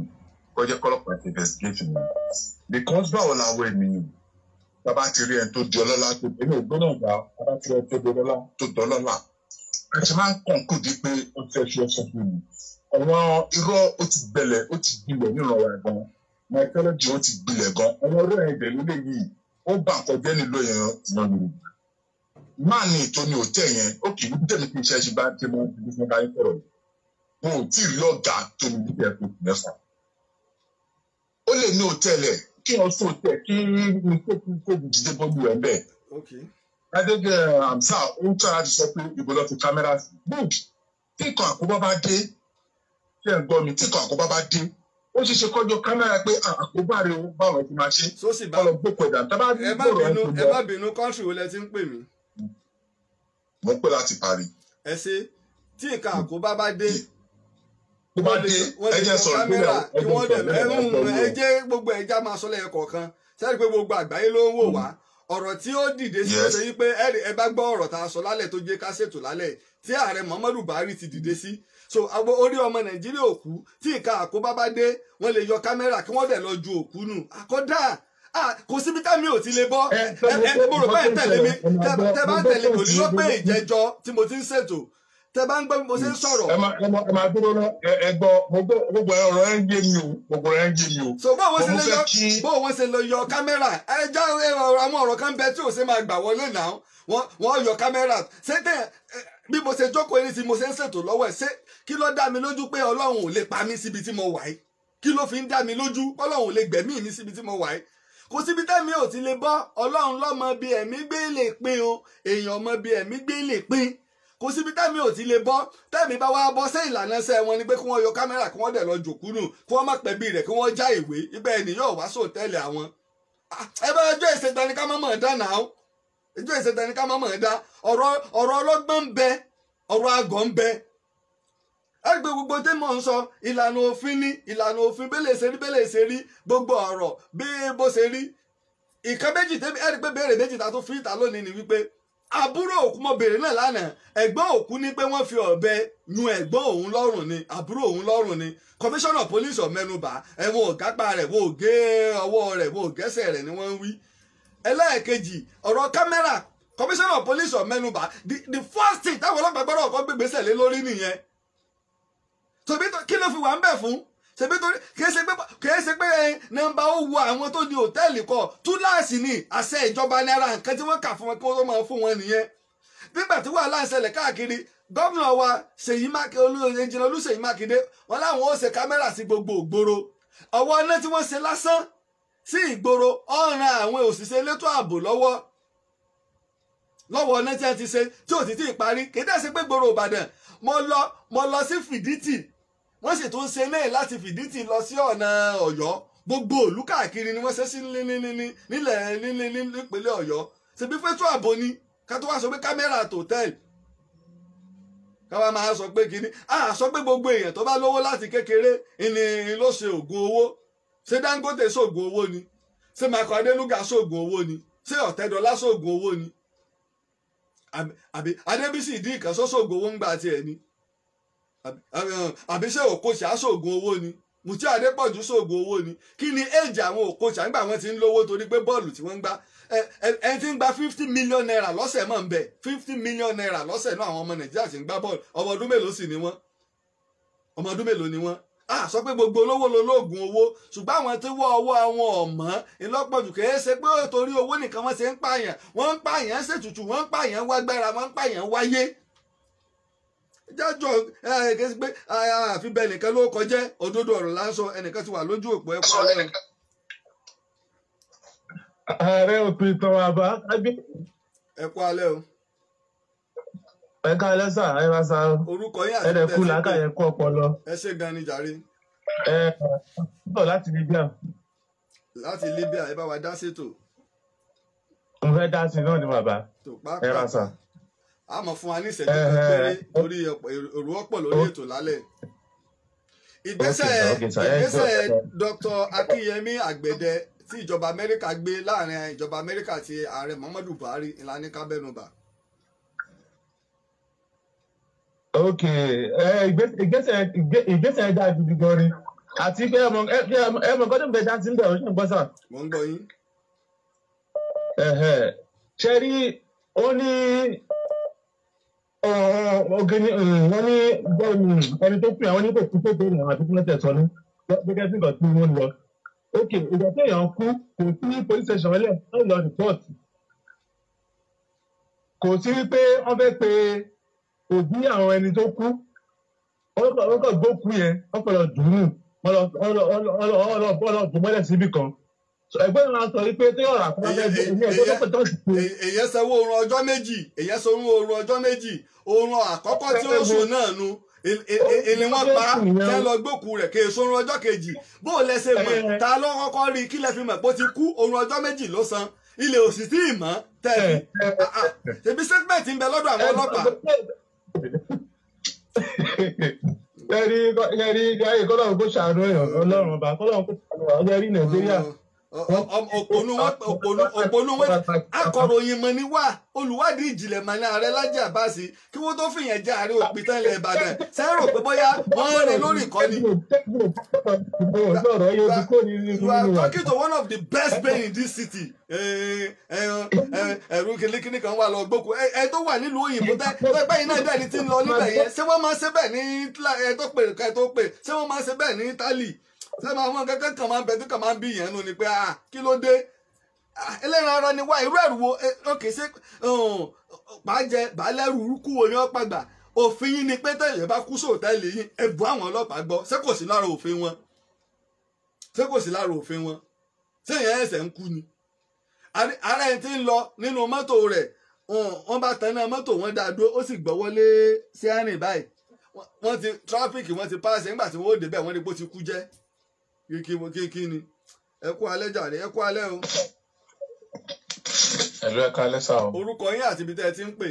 Speaker 1: kọjá kọ́lọ́pàá ti investigate mi because báwo làwọn ènìyàn bàbá ti rí ẹni tó di ọlọ́lá tó èmi ò gbọ́dọ̀ gbà bàbá ti rí ẹni tó di ọlọ́lá tó di ọlọ́lá àti máa ń kàn kó di pé ó fẹ́ fi ẹsẹ̀ fún mi àwọn irọ́ ó ti bẹ̀lẹ̀ ó ti gbilẹ̀ nírànwọ́ ẹ̀gbọ́n mycology ó ti gbilẹ̀ gan àwọn irọ́ ẹ̀dẹ̀ ló lè yìí ó bà ń kọjá nílò yẹn lọ Yorùbá máa ní ìtọ́ni òtẹ́ yẹn ó kì í bí tẹ̀mí kí iṣẹ́ ṣe bá dé mọ́ ibi fún báyìí sọ̀rọ̀ mo ò tí ì lọ́ọ̀gá tó ní kí wọn sọ tẹ kí ní kókó kókó jíjẹ gbogbo ẹ
Speaker 2: bẹ́ẹ̀.
Speaker 1: adége amsa uh, um, ó ń tọ́ láti sọ pé ìbọ̀lọ́ fi kámẹ́rà sí good tíkọ̀ àkóbá bá dé ṣé ẹ̀ gbọ́ mi tíkọ̀ àkóbá bá dé ó ṣeé ṣe kọjú kámẹ́rà pé ah, àkóbá rẹ ó bá wọn fi máa ṣe ọlọ gbókò
Speaker 2: ẹ̀dá tá a bá gbòòrò ẹ̀ tó bọ́. ẹ má bínú kọ́ńtì wo lẹ ti ń pè mí. mo pè láti Paris. ẹ ṣe tí nǹkan àkóbá bá dé. Yeah tó ẹjẹ gbogbo ẹjẹ máa sọ lẹ́yìn kọ̀ọ̀kan sẹ́ni pé gbogbo àgbáyé ló ń wò wá ọ̀rọ̀ tí ó dìde sí ṣe wípé ẹ bá gbọ́ ọ̀rọ̀ tá a sọ lálẹ́ tó jẹ́ ká ṣètò lálẹ́ tí ààrẹ Muhammadu Buhari ti dìde sí so agbo orí ọmọ Nàìjíríà òkú tí ìka àkóbá bá dé wọ́n lè yọ kámẹ́rà kí wọ́n dẹ̀ lọ ju òkú nù àkọ́dà kò síbi tá mi ò ti lè bọ́ ẹ ẹ mo rò báyìí tẹ̀lé mi tẹ́ bá tẹ̀lé kò ní lọ pé ìjẹ́jọ́ tí mo ti ń ṣètò tẹ bá ń gbọ́ bí mo ṣe ń sọ̀rọ̀. ẹ máa ẹ máa dúró lọ ẹ gbogbo ọ̀rọ̀ ẹ ń yé mi o gbogbo ẹ ń yé mi o. so bó wọn ṣe lè yọ bó wọn ṣe lè yọ kámẹ́rà ẹ já àwọn ọ̀rọ̀ kan bẹ tí ò ṣe máa gbà wọlé náà wọ́n yọ kámẹ́rà ṣé tẹ bí mo ṣe jókòó ẹni tí mo ṣe ń ṣètò lọ́wọ́ ẹ̀ ṣé kí ló dá mi lójú pé ọlọ́run ò lè pa mí síbi tí mo wà yìí kí ló fi ń dá mi lójú ọlọ́run ò lè gbẹ̀mí mi síbi tí mo wà yìí kò síbi tẹ́mi ò ti lè bọ́ ọlọ́run lọ́mọ bí ẹ̀mí gbé lè pín o èèyàn ọmọ bí ẹ̀mí gbé lè pín kò síbi tẹ́mi ò ti lè bọ́ tẹ́mi bá wá bọ́ sí ìlànà iṣẹ́ wọn ni pé kí wọ́n yọ kámẹ́rà kí wọ́n dẹ̀ lọ jòkú nù kí wọ́n má pẹ̀bí rẹ̀ kí wọ́n já ìwé ibẹ̀ ni yóò wá sòtẹ́ẹ̀lì àwọn. Ah, ẹ bá ẹjọ́ ìṣètẹ́ni ká mọ̀mọ́ dá náà ẹjọ́ ìṣètẹ́ni ká mọ̀mọ́ dá ọ̀rọ̀ ọlọ́gbọ́n ń bẹ ọ̀rọ̀ àgọ́ ń bẹ ẹgbẹ́ gbogbo tí mò ń sọ ìlànà òfin ní ìlànà òfin bẹ́lẹ̀ ṣe rí bẹ́lẹ̀ ṣe rí gbogbo ọ̀rọ̀ bí bó ni wípé àbúrò òkú mọbìnrin náà lánàá ẹ̀gbọ́n òkú ní pé wọ́n fi ọ̀bẹ yún ẹ̀gbọ́n òun lọ́rùn ni àbúrò òun lọ́rùn ni kọmíṣánná pólísì ọ̀mẹ́nubà ẹ̀wọ̀n ògápá rẹ̀ wọ́n ò gé ọwọ́ rẹ̀ wọ́n ò gẹ́sẹ̀ rẹ̀ ni wọ́n ń wí. ẹlẹ́ẹ̀kejì ọ̀rọ̀ kámẹ́rà kọmíṣánná pólísì ọ̀mẹ́nubà the first thing táwọn ọlọ́pàá gbọ́dọ̀ kọ́ gbégbèsè lé lórí nìyẹn tòbí kí ló fi wà ń bẹ̀ fún ṣebí torí kìí ṣe pé kìí ṣe pé eh, nọ́mbà ó wo àwọn tó ní hòtẹ́ẹ̀lì kọ túláàsì ni àṣẹ ìjọba ní ara nǹkan tí wọ́n kà fún wọn kí wọ́n máa fún wọn nìyẹn nígbà tí wàhálà ń ṣẹlẹ̀ káàkiri gómìnà wa Ṣèyí Mákindé olóyinjìnlẹ̀ Olúṣèyí Mákindé wọn láwọn ó ṣe kámẹ́rà sí gbogbo ògboro ọwọ́ iná tí wọ́n ṣe lásán sí ìgboro ọ̀ràn àwọn òṣìṣẹ́ elétò ààbò lọ́wọ́ lọ́wọ́ iná tí wọ́n ti ṣe tí ò ti ti parí kì í dẹ́sí pé gbòòrò Ìbàdàn mo lọ mo lọ sí Fìdítì wọ́n sì tún ṣe lẹ́yìn láti fìdítì lọ sí ọ̀nà ọ̀yọ́ gbogbo òlú káàkiri ni wọ́n ṣe sí nílẹ̀ nípínlẹ̀ ọ̀yọ́ ṣebí fẹ́tọ́ ààbò ni ká tó wá sọ pé kámẹ́rà tòtẹ́ẹ̀lì káwa máa sọ pé kínní a sọ pé gbogbo èèyàn tó bá lówó láti kékeré ni ló ṣe oògùn owó ṣé Dangote ṣoògùn owó ni ṣé Michael Adenuga ṣoògùn owó ni ṣé Ọ̀tẹ́dọ́lá ṣoògùn owó ni àbí Adébísì ìdí ìkànṣọ́ ṣoògùn owó ń gbà tiẹ̀ ni àbíṣe um, òkòṣà ṣoògùn owó ni mùtí àdépọ̀jù ṣoògùn owó ni kí ni èjì àwọn òkòṣà nígbà wọn ti ń lówó torí pé bọ́ọ̀lù tí wọ́n ń gbá ẹni tí ń gba fifty million naira lọ́sẹ̀ mọ̀ ń bẹ̀ fifty million naira lọ́sẹ̀ náà àwọn ọmọ nàìjíríà ti ń gbá bọ́ọ̀lù ọmọ ọdún mélòó sì ni wọ́n ọmọ ọdún mélòó ni wọ́n a sọ pé gbogbo olówó lolóògùn owó ṣùgbọ́n àwọn tí wọ́n ọwọ́ àwọn ọ̀mọ́ ńlọ́pọ̀jù kìí ṣe pé torí owó nìkan wọ́n ṣe ń pààyàn wọ́n ń pààyàn ṣètùtù wọ́n ń pààyàn wágbára wọ́n ń pààyàn wáyé jájọ gbé àfi nìkan ló òdodo lásán ẹnìkan ti wà lójú ẹ̀kọ́
Speaker 1: ààrẹ òpin ìtàn àbá ẹ kú alẹ́ o. ẹ ká alẹ́ ẹ sa
Speaker 2: orúkọ yín àti kú ẹ ọpọlọ. ẹ ṣe gan ni jàre. ẹ láti Libya. láti Libya ẹ wa dá
Speaker 1: mo fẹ́ náà ni bàbá ẹ
Speaker 2: a mọ̀ fún wa ní ìṣẹ́jú péré torí òru ọ̀pọ̀ lórí ètò lálẹ́ ìgbésẹ̀ ìgbésẹ̀ Dr. Akinyemi Agbede tí ìjọba Amẹ́ríkà gbé láàrin ìjọba Amẹ́ríkà àti ààrẹ Muhammadu Buhari ìlànà kábẹ́nubà.
Speaker 4: ok ìgbésẹ̀ ẹ̀dá gidi gan ni àti pé ẹmọ ẹmọ gbọ́dọ̀ bẹ dá sí ń bẹ ọ ṣe ń gbọ́ sà. mo ń gbọ́ yín. ṣe rí ó ní ọgẹni eh, eh, eh, wọn ní ẹni tó pè àwọn oníkòkú tó pè wọn àti kúlẹ̀ tẹ̀sán ní gẹ́gẹ́ bí nǹkan tí wọ́n lọ. ok ìgbà tó yàn án kú kò sí ní police station ẹlẹ́ wọ́n lọ report. kò sí wípé wọ́n fẹ́ pe òbí àwọn ẹni tó kú wọ́n kàn gbókù yẹn wọ́n kàn lọ dùn ún
Speaker 2: wọ́n lọ dùn mọ́lẹ̀ síbì kan ẹgbẹ́ ìran sọ wípé tí ọ̀rọ̀ àkọ́kọ́ ní ẹgbẹ́ tó pẹ̀tọ́ sí pé. èyẹ sanwó oorun ọjọ́ méjì èyẹ sanwó oorun ọjọ́ méjì oorun àkọ́kọ́ tí ó sùn náà nu èlé wọn pa tẹ lọ gbókù rẹ kí èso oorun ọjọ́ kejì bó o lẹsẹ mọ ta ló kọ́kọ́ rí kí lẹ fi mọ̀ bó ti kú oorun ọjọ́ méjì ló san ilé òsì tí ì mọ tẹbi ah, ah. ṣebí statement ń bẹ lọ́dọ̀ àwọn ọlọ́pàá.
Speaker 1: yẹ́rí yẹ́rí yẹ́rí kọ́lọ́run kó ṣàánú
Speaker 2: ọlọ́run ọba kọ́lọ́run kó ṣàánú ọlọ́run yẹ́rí nàìjíríà oh òpònú akọ̀ròyìn mọ̀ ní wà olùwádìí ìjìnlẹ̀ mọ̀ ní ààrẹ Lájì Àbáàsì kí wọ́n tó fìyàn jẹ ààrẹ òpin tán ilẹ̀ Ìbàdàn sẹ́rò pé bóyá wọ́n rẹ̀ lórí ìkọ́ni.
Speaker 3: you are talking to one
Speaker 2: of the best men in this city. ẹ̀rù kìnnìkìnnì kan wà lọ gbókù ẹ tó wà nílùú òyìnbó tẹ́ pẹ́ iná ẹ̀dá ẹni tí ń lọ níbẹ̀ yẹn ṣé wọ́n máa ṣe bẹ́ẹ̀ ní ẹ tó pè ṣé wọ́n máa ṣe bẹ́ẹ̀ ní Italy sẹ́mi àwọn kankan kan máa ń bẹ tó kàn máa ń bí yẹn nù ni pé ah kí ló dé ah, ẹlẹ́ran ara ni wá irú ẹ̀rù wo ok eh, ṣé pàjẹ́ bàálẹ́rù kú wo ni wọ́n pàgbà òfin yín ni pé tẹ̀yẹ̀ bá kú sóòtẹ́ẹ̀lì yín ẹ bù àwọn ọlọ́pàá gbọ́ ṣé kò sí lára òfin wọn ṣé kò sí lára òfin wọn ṣé èèyàn ẹ̀sẹ̀ ń kú ni ara ẹni tí ń lọ nínú mọ́tò rẹ̀ wọ́n bá tanná mọ́tò wọn dáa dúró ó sì gbọ́wọ́ lé sẹ́rìn báyìí wọ́n ti tráfíkì wọ́n ti páàsì nígbà tí wọ́n ó débẹ̀ wọ́n ní bó ti kú jẹ́ kíkí mo kíkí ni ẹ kú alẹ́ jàre ẹ kú alẹ́ o.
Speaker 1: ẹ̀lú ẹ̀ka alẹ́ sà o.
Speaker 2: orúkọ yín àti ibi tẹ́ ẹ ti ń pè.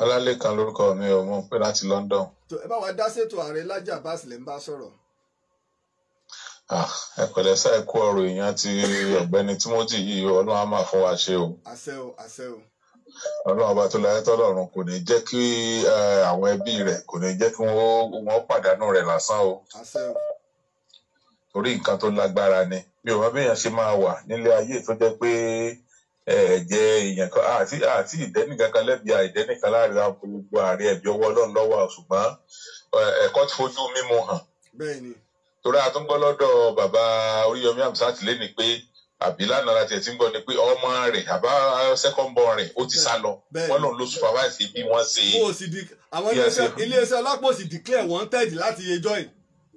Speaker 1: ọlálẹ́kan lórúkọ mi ò mọ̀ pé láti London.
Speaker 2: ẹ bá wa dá ṣètò ààrẹ Laji Abbas lẹ́ ń bá sọ̀rọ̀
Speaker 1: ah, ẹ pẹ̀lẹ́ sá ẹ kú ọ̀rọ̀ èèyàn àti ọ̀gbẹ́ni Timothy yìí Ọlọ́run á máa fún wa ṣe o.
Speaker 2: àṣẹ o àṣẹ o.
Speaker 1: Ọlọ́run ọba tó láyé tọ́lọ́run kò ní jẹ́ kí eh, àwọn ẹbí rẹ̀ kò ní jẹ́ kí wọ́n pàdánù rẹ̀ lásán o. àṣẹ o torí nǹkan tó lágbára ni mi ò mọ bí èèyàn ṣe máa wà nílé ayé tó jẹ́ pé ẹ̀jẹ̀ èèyàn kan àti àti ìdẹ́nìkankan lẹ́bi àìdẹ́nìkan láàrin àwọn gbogbo ààrẹ ẹ̀bí ọwọ́ ọlọ́run lọ́wọ́ ṣùgbọ́n ẹ̀kọ́ ti fojú mímu hàn. torí a tún gbọ́ lọ́dọ̀ bàbá Oríyọmí pé àbí lánàá láti ẹ̀ ti ń gbọ́ ni pé ọmọ rẹ̀ àbá second born rẹ̀ ó ti sá lọ wọ́n lòun ló supervise
Speaker 2: bí wọ́n ṣe. àwọn iléeṣẹ́ ọlọ́pàá e ò sì declare wanted láti yejọ́ yìí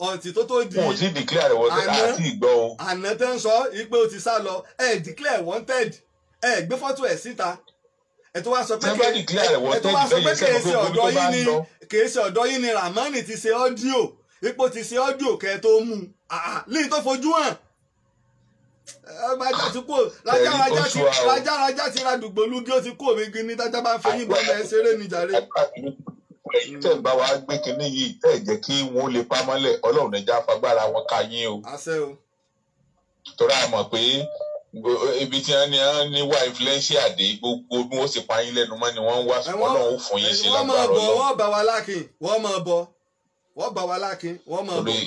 Speaker 2: ọ̀ǹtì tó tó di. wọn ò tí ì declare wanted àti ìgbọ́ o. àná tẹ́ ń sọ ipe o ti sá lọ ẹ declare wanted ẹ gbé fọ́tò ẹ̀ síta ẹ tó wá sọ pé kèé ṣe ọ̀dọ́ yín ni kèé ṣe ọ̀dọ́ yín ni Ramani ti ṣe ọ́díò ipò ti ṣe ọ́díò kẹ́ tó mú un léyìí tó fojú hàn ọgbàjà ti kú rajaraja ti rajaraja ti ra dùgbòlú kí ó ti kú omi gini tájà bá ń fẹyín gbọmọ ẹ ṣeré nìjàre ẹ̀yin tẹ̀ ń bá wa gbé kinní yìí ẹ̀ jẹ́ kí wọ́n lè pa mọ́lẹ̀
Speaker 1: ẹja fagbára wọn ká yín o. torí àmọ̀ pé ibi tí wọ́n ní wá influencer dé gbogbo bí wọ́n sì pa yín lẹ́nu mọ́ ni wọ́n ń wá ọlọ́run ó fún yín sí lágbára ọlọ́run. wọ́n
Speaker 2: bá wa lákin wọ́n máa bọ̀ wọ́n bá wa lákin wọ́n máa bọ̀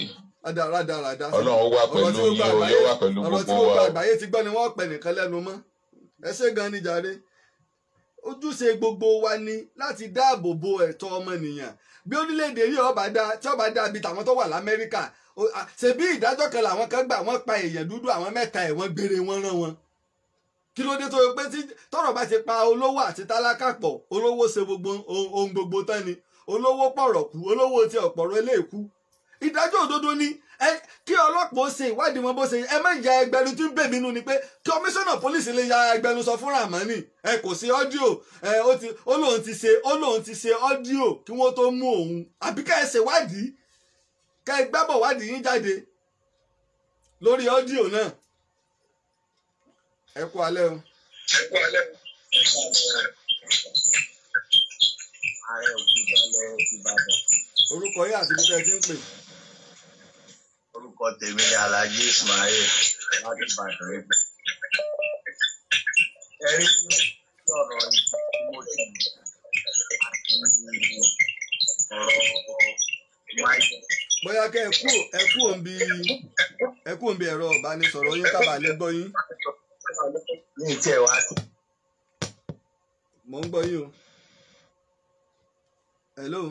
Speaker 2: rádaràdà. ọlọ́run wà pẹ̀lú yín o yóò wà pẹ̀lú gbogbo wa. ọ̀rọ̀ tí gbogbo àgbáyé ti gbọ́ ni wọ́n pẹ̀ nìkan lẹ́nu mọ́ ẹ ṣé gan ni jàre ojúṣe gbogbo wa ni láti dáàbò bo ẹ̀tọ́ ọmọnìyàn bí orílẹ̀-èdè yìí ọba dá tí ọba dá bíi tàwọn tó wà lamẹ́ríkà ṣebí ìdájọ́ kan làwọn kan gbà wọ́n pa èèyàn dúdú àwọn mẹ́ta ẹ̀wọ̀n gbére wọ́n rán wọn kí ló dé tó yẹ pé tí tọ́rọ̀ bá ti pa olówó àti tálákà pọ̀ olówó ṣe gbogbo ohun gbogbo tán ni olówó pọ̀rọ̀ kú olówó ti ọ̀pọ̀rọ̀ eléèkú ìdájọ́ òdodo ni kí ọlọ́pàá ó ṣe ìwádìí wọn bó ṣe ẹ má ya ẹgbẹnu tí ń bè mí nú ni pé kọmíṣánná pólísì lè ya ẹgbẹnu sọ fún Ramani ẹ kò sí ọ́díò ẹ ó lóun ti ṣe ó lóun ti ṣe ọ́díò kí wọ́n tó mú òun àbí ká ẹ ṣe wádìí ká ẹ gbábọ̀ wádìí yín jáde lórí ọ́díò náà ẹ kú alẹ́ o.
Speaker 1: ẹ kú alẹ́ o. ààrẹ òkú balẹ̀ òkú balẹ̀.
Speaker 2: orúkọ yín àti bí tẹ́ ẹ ti ń pè
Speaker 1: orúkọ tèmi ni alhaji ismail láti ìbàdàn ẹgbẹ ẹrí ọ̀rọ̀ ìmọ̀tì àti
Speaker 4: ọ̀rọ̀
Speaker 2: bóyá kẹ ẹ kú ẹ kú òǹbi ẹ kú òǹbi ẹ̀rọ ìbánisọ̀rọ̀ yín kábà lè gbọ́ yín.
Speaker 6: ní ti ẹ̀ wá sí.
Speaker 2: mò ń gbọ́ yín o. hello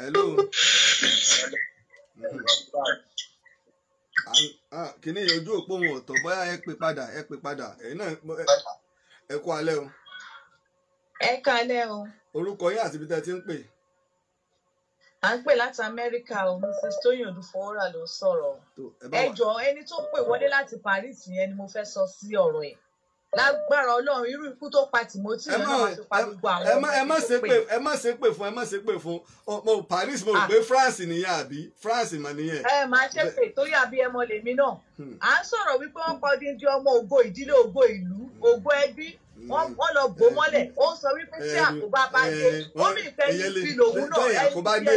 Speaker 2: hello. kìnní ojú òpó wọn ọ̀tọ̀ bóyá ẹ pè padà ẹ pè padà ẹ̀yin náà ẹ kú alẹ́ o.
Speaker 4: ẹ kálẹ́ o.
Speaker 2: orúkọ yín àti ibi tẹ́ ẹ ti ń pè.
Speaker 4: à ń pè láti amẹ́ríkà o mrs tóyìn olúfọwọ́rà ló ń sọ̀rọ̀ ẹ jọ ẹni tó pè wọlé láti paris yẹn ni mo fẹ́ sọ sí ọ̀rọ̀ ẹ̀ lágbára Ọlọ́run irú ikú tó pa Timothy yẹn náà máa tó
Speaker 2: pa gbogbo àwọn ọmọ tó pè ẹ má ṣe pè fún ẹ má ṣe pè fún mo Paris mo gbé ah. France nìyẹn àbí France mà nìyẹn. ẹ
Speaker 4: máa ṣe pé torí àbí ẹmọ lèmi náà hmm. à ń sọ̀rọ̀ wípé wọ́n pa ọdún di ọmọ ògo ìdílé ògo ìlú hmm. ògo ẹbí hmm. wọ́n lọ bò eh, mọ́lẹ̀ ó sọ wípé tí eh, àkóbá bá eh, dé ó mì fẹ́ ní fi lòun náà ẹni àkóbá dé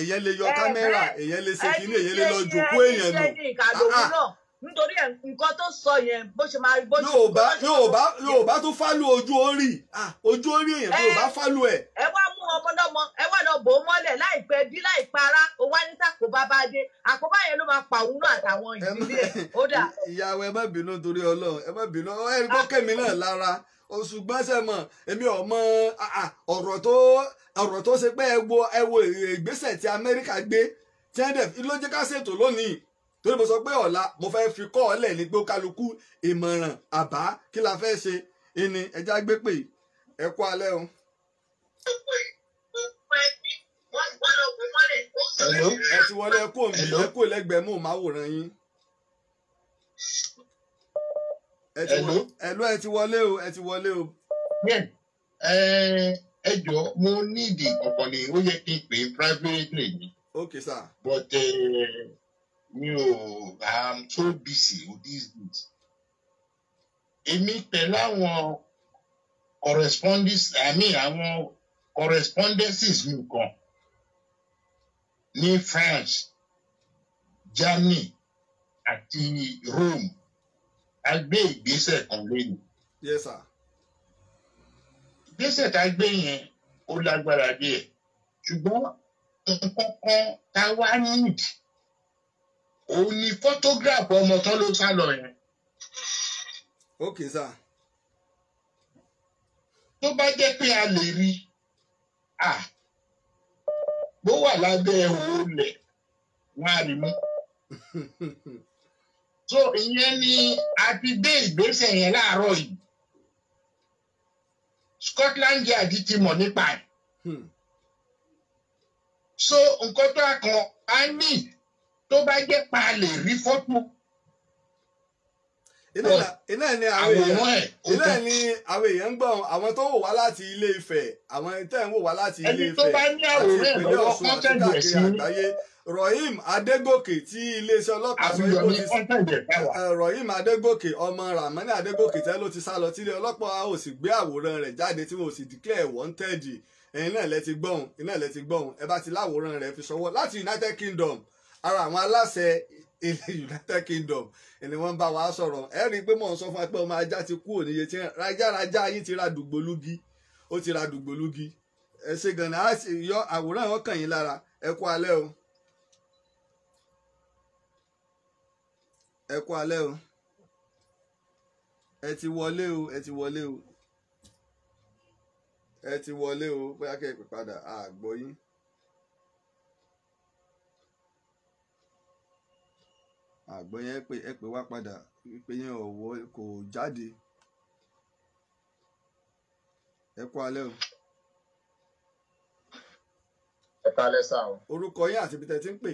Speaker 2: èyẹ lè yọ kámẹ́rà èyẹ lè ṣe kíní èyẹ lè lọ jòkó èèyàn
Speaker 4: nù nítorí ẹ nǹkan tó sọ yẹn bó ṣe máa rí bó ṣe. yorùbá yorùbá yorùbá tó
Speaker 2: fálù ojú orí ojú orí èèyàn yorùbá fálù ẹ.
Speaker 4: ẹ wá mú ọmọdọmọ ẹ wá lọ bò ó mọ́lẹ̀ láìpẹ́ bí láìpara ó wá ní sàkóbá bá dé àkóbá yẹn ló máa pàwọn àtàwọn ìdílé ó dà.
Speaker 2: ìyàwó ẹ má bínú torí Ọlọ́run ẹ má bínú ẹ gbọ́ kẹ́mi náà lára ṣùgbọ́n ṣe èmi ò ọ̀rọ̀ tó ọ̀rọ̀ tó ṣe pé ẹ wo ìgbésẹ̀ tí Amẹ́ríkà gbé tí ẹ ló jẹ́ ká ṣètò lónìí torí mo sọ pé ọ̀la mo fẹ́ fi kọ́ ọ̀lẹ̀ ní gbó kálukú ìmọ̀ràn àbá kí la fẹ́ ṣe ìní ẹja gbé pè ẹ kú alẹ́ o. ẹ ti wọlé ẹ kú òmí ẹ kú lẹ́gbẹ̀ẹ́ mú màwòrán yín. ẹ̀lú ẹ ti wọlé o ẹ ti wọlé o.
Speaker 1: ẹ jọ mo nídìí ọ̀pọ̀ ni ó yẹ kí n pè é privately. ok sir. but. Uh, mi ò am so busy with these things èmi pẹ̀lú àwọn correspondence i mean àwọn correspondences mi kan ní France Germany àti Rome a gbé ìgbésẹ̀ kan lẹ́nu. Yes sir. ìgbésẹ̀ tá a gbé yẹn ó lágbára díẹ̀ ṣùgbọ́n nǹkan kan tá a wá nídìí òun ni photograph ọmọ tán ló sá lọ yẹn.
Speaker 2: ok sir.
Speaker 3: tó bá jẹ́ pé a lè rí a bó wà lábẹ́
Speaker 1: òòlẹ̀ wọn á rí mú. so ìyẹn ni a ti gbé ìgbésẹ̀ yẹn láàárọ̀ yìí
Speaker 4: Scotland Yard ti mọ̀ nípa ẹ̀. Hmm. so nǹkan tó
Speaker 2: a kan a ní tó bá jẹ́ pa lè rí fọ́tò. iná ni àwọn èèyàn iná ni àwọn èèyàn ń gbọ́n àwọn tó wò wá láti ilé Ifẹ̀ àwọn tẹ́ ń wò wá láti ilé Ifẹ̀ àti ìpínlẹ̀ Ọ̀ṣun àti káàkiri àgbáyé Rohim Adégòkè tí iléeṣẹ́ ọlọ́pàá sọ yìí ti Rohim Adegoke ọmọ Ramani Adegoke tẹ́ ló ti sá lọ tílé ọlọ́pàá ò sì gbé àwòrán rẹ̀ jáde tí wọn ò sì declare wanted ẹ̀yin náà lẹ ti gbọ́hùn ẹ̀ náà lẹ ti gbọ́hùn ẹ bá ti láwòrán rẹ̀ fi ṣọwọ́ láti United Kingdom ara àwọn aláṣẹ ilẹ̀ United Kingdom ni wọ́n bá wa sọ̀rọ̀ ẹ rí i pé mò ń sọ fún ẹ pé ọmọ ajá ti kú òníye tí rajaraja yìí ti ra dùgbòlugi ó ti ra dùgbòlugi ẹ ṣe gànà á yọ àwòrán yẹn kàn yín lára ẹ kú alẹ́ o ẹ kú alẹ́ o ẹ ti wọlé o ẹ ti wọlé o ẹ ti wọlé o bóyá kẹ́ padà àgbọ̀yìn. àgbẹ̀ yẹn pé ẹ pè wá padà pé yẹn ò wọ kò jáde ẹ kú alẹ́ o.
Speaker 1: ẹ kú alẹ́ sá o. orúkọ yín àti
Speaker 2: ibi tẹ́ ti ń pè.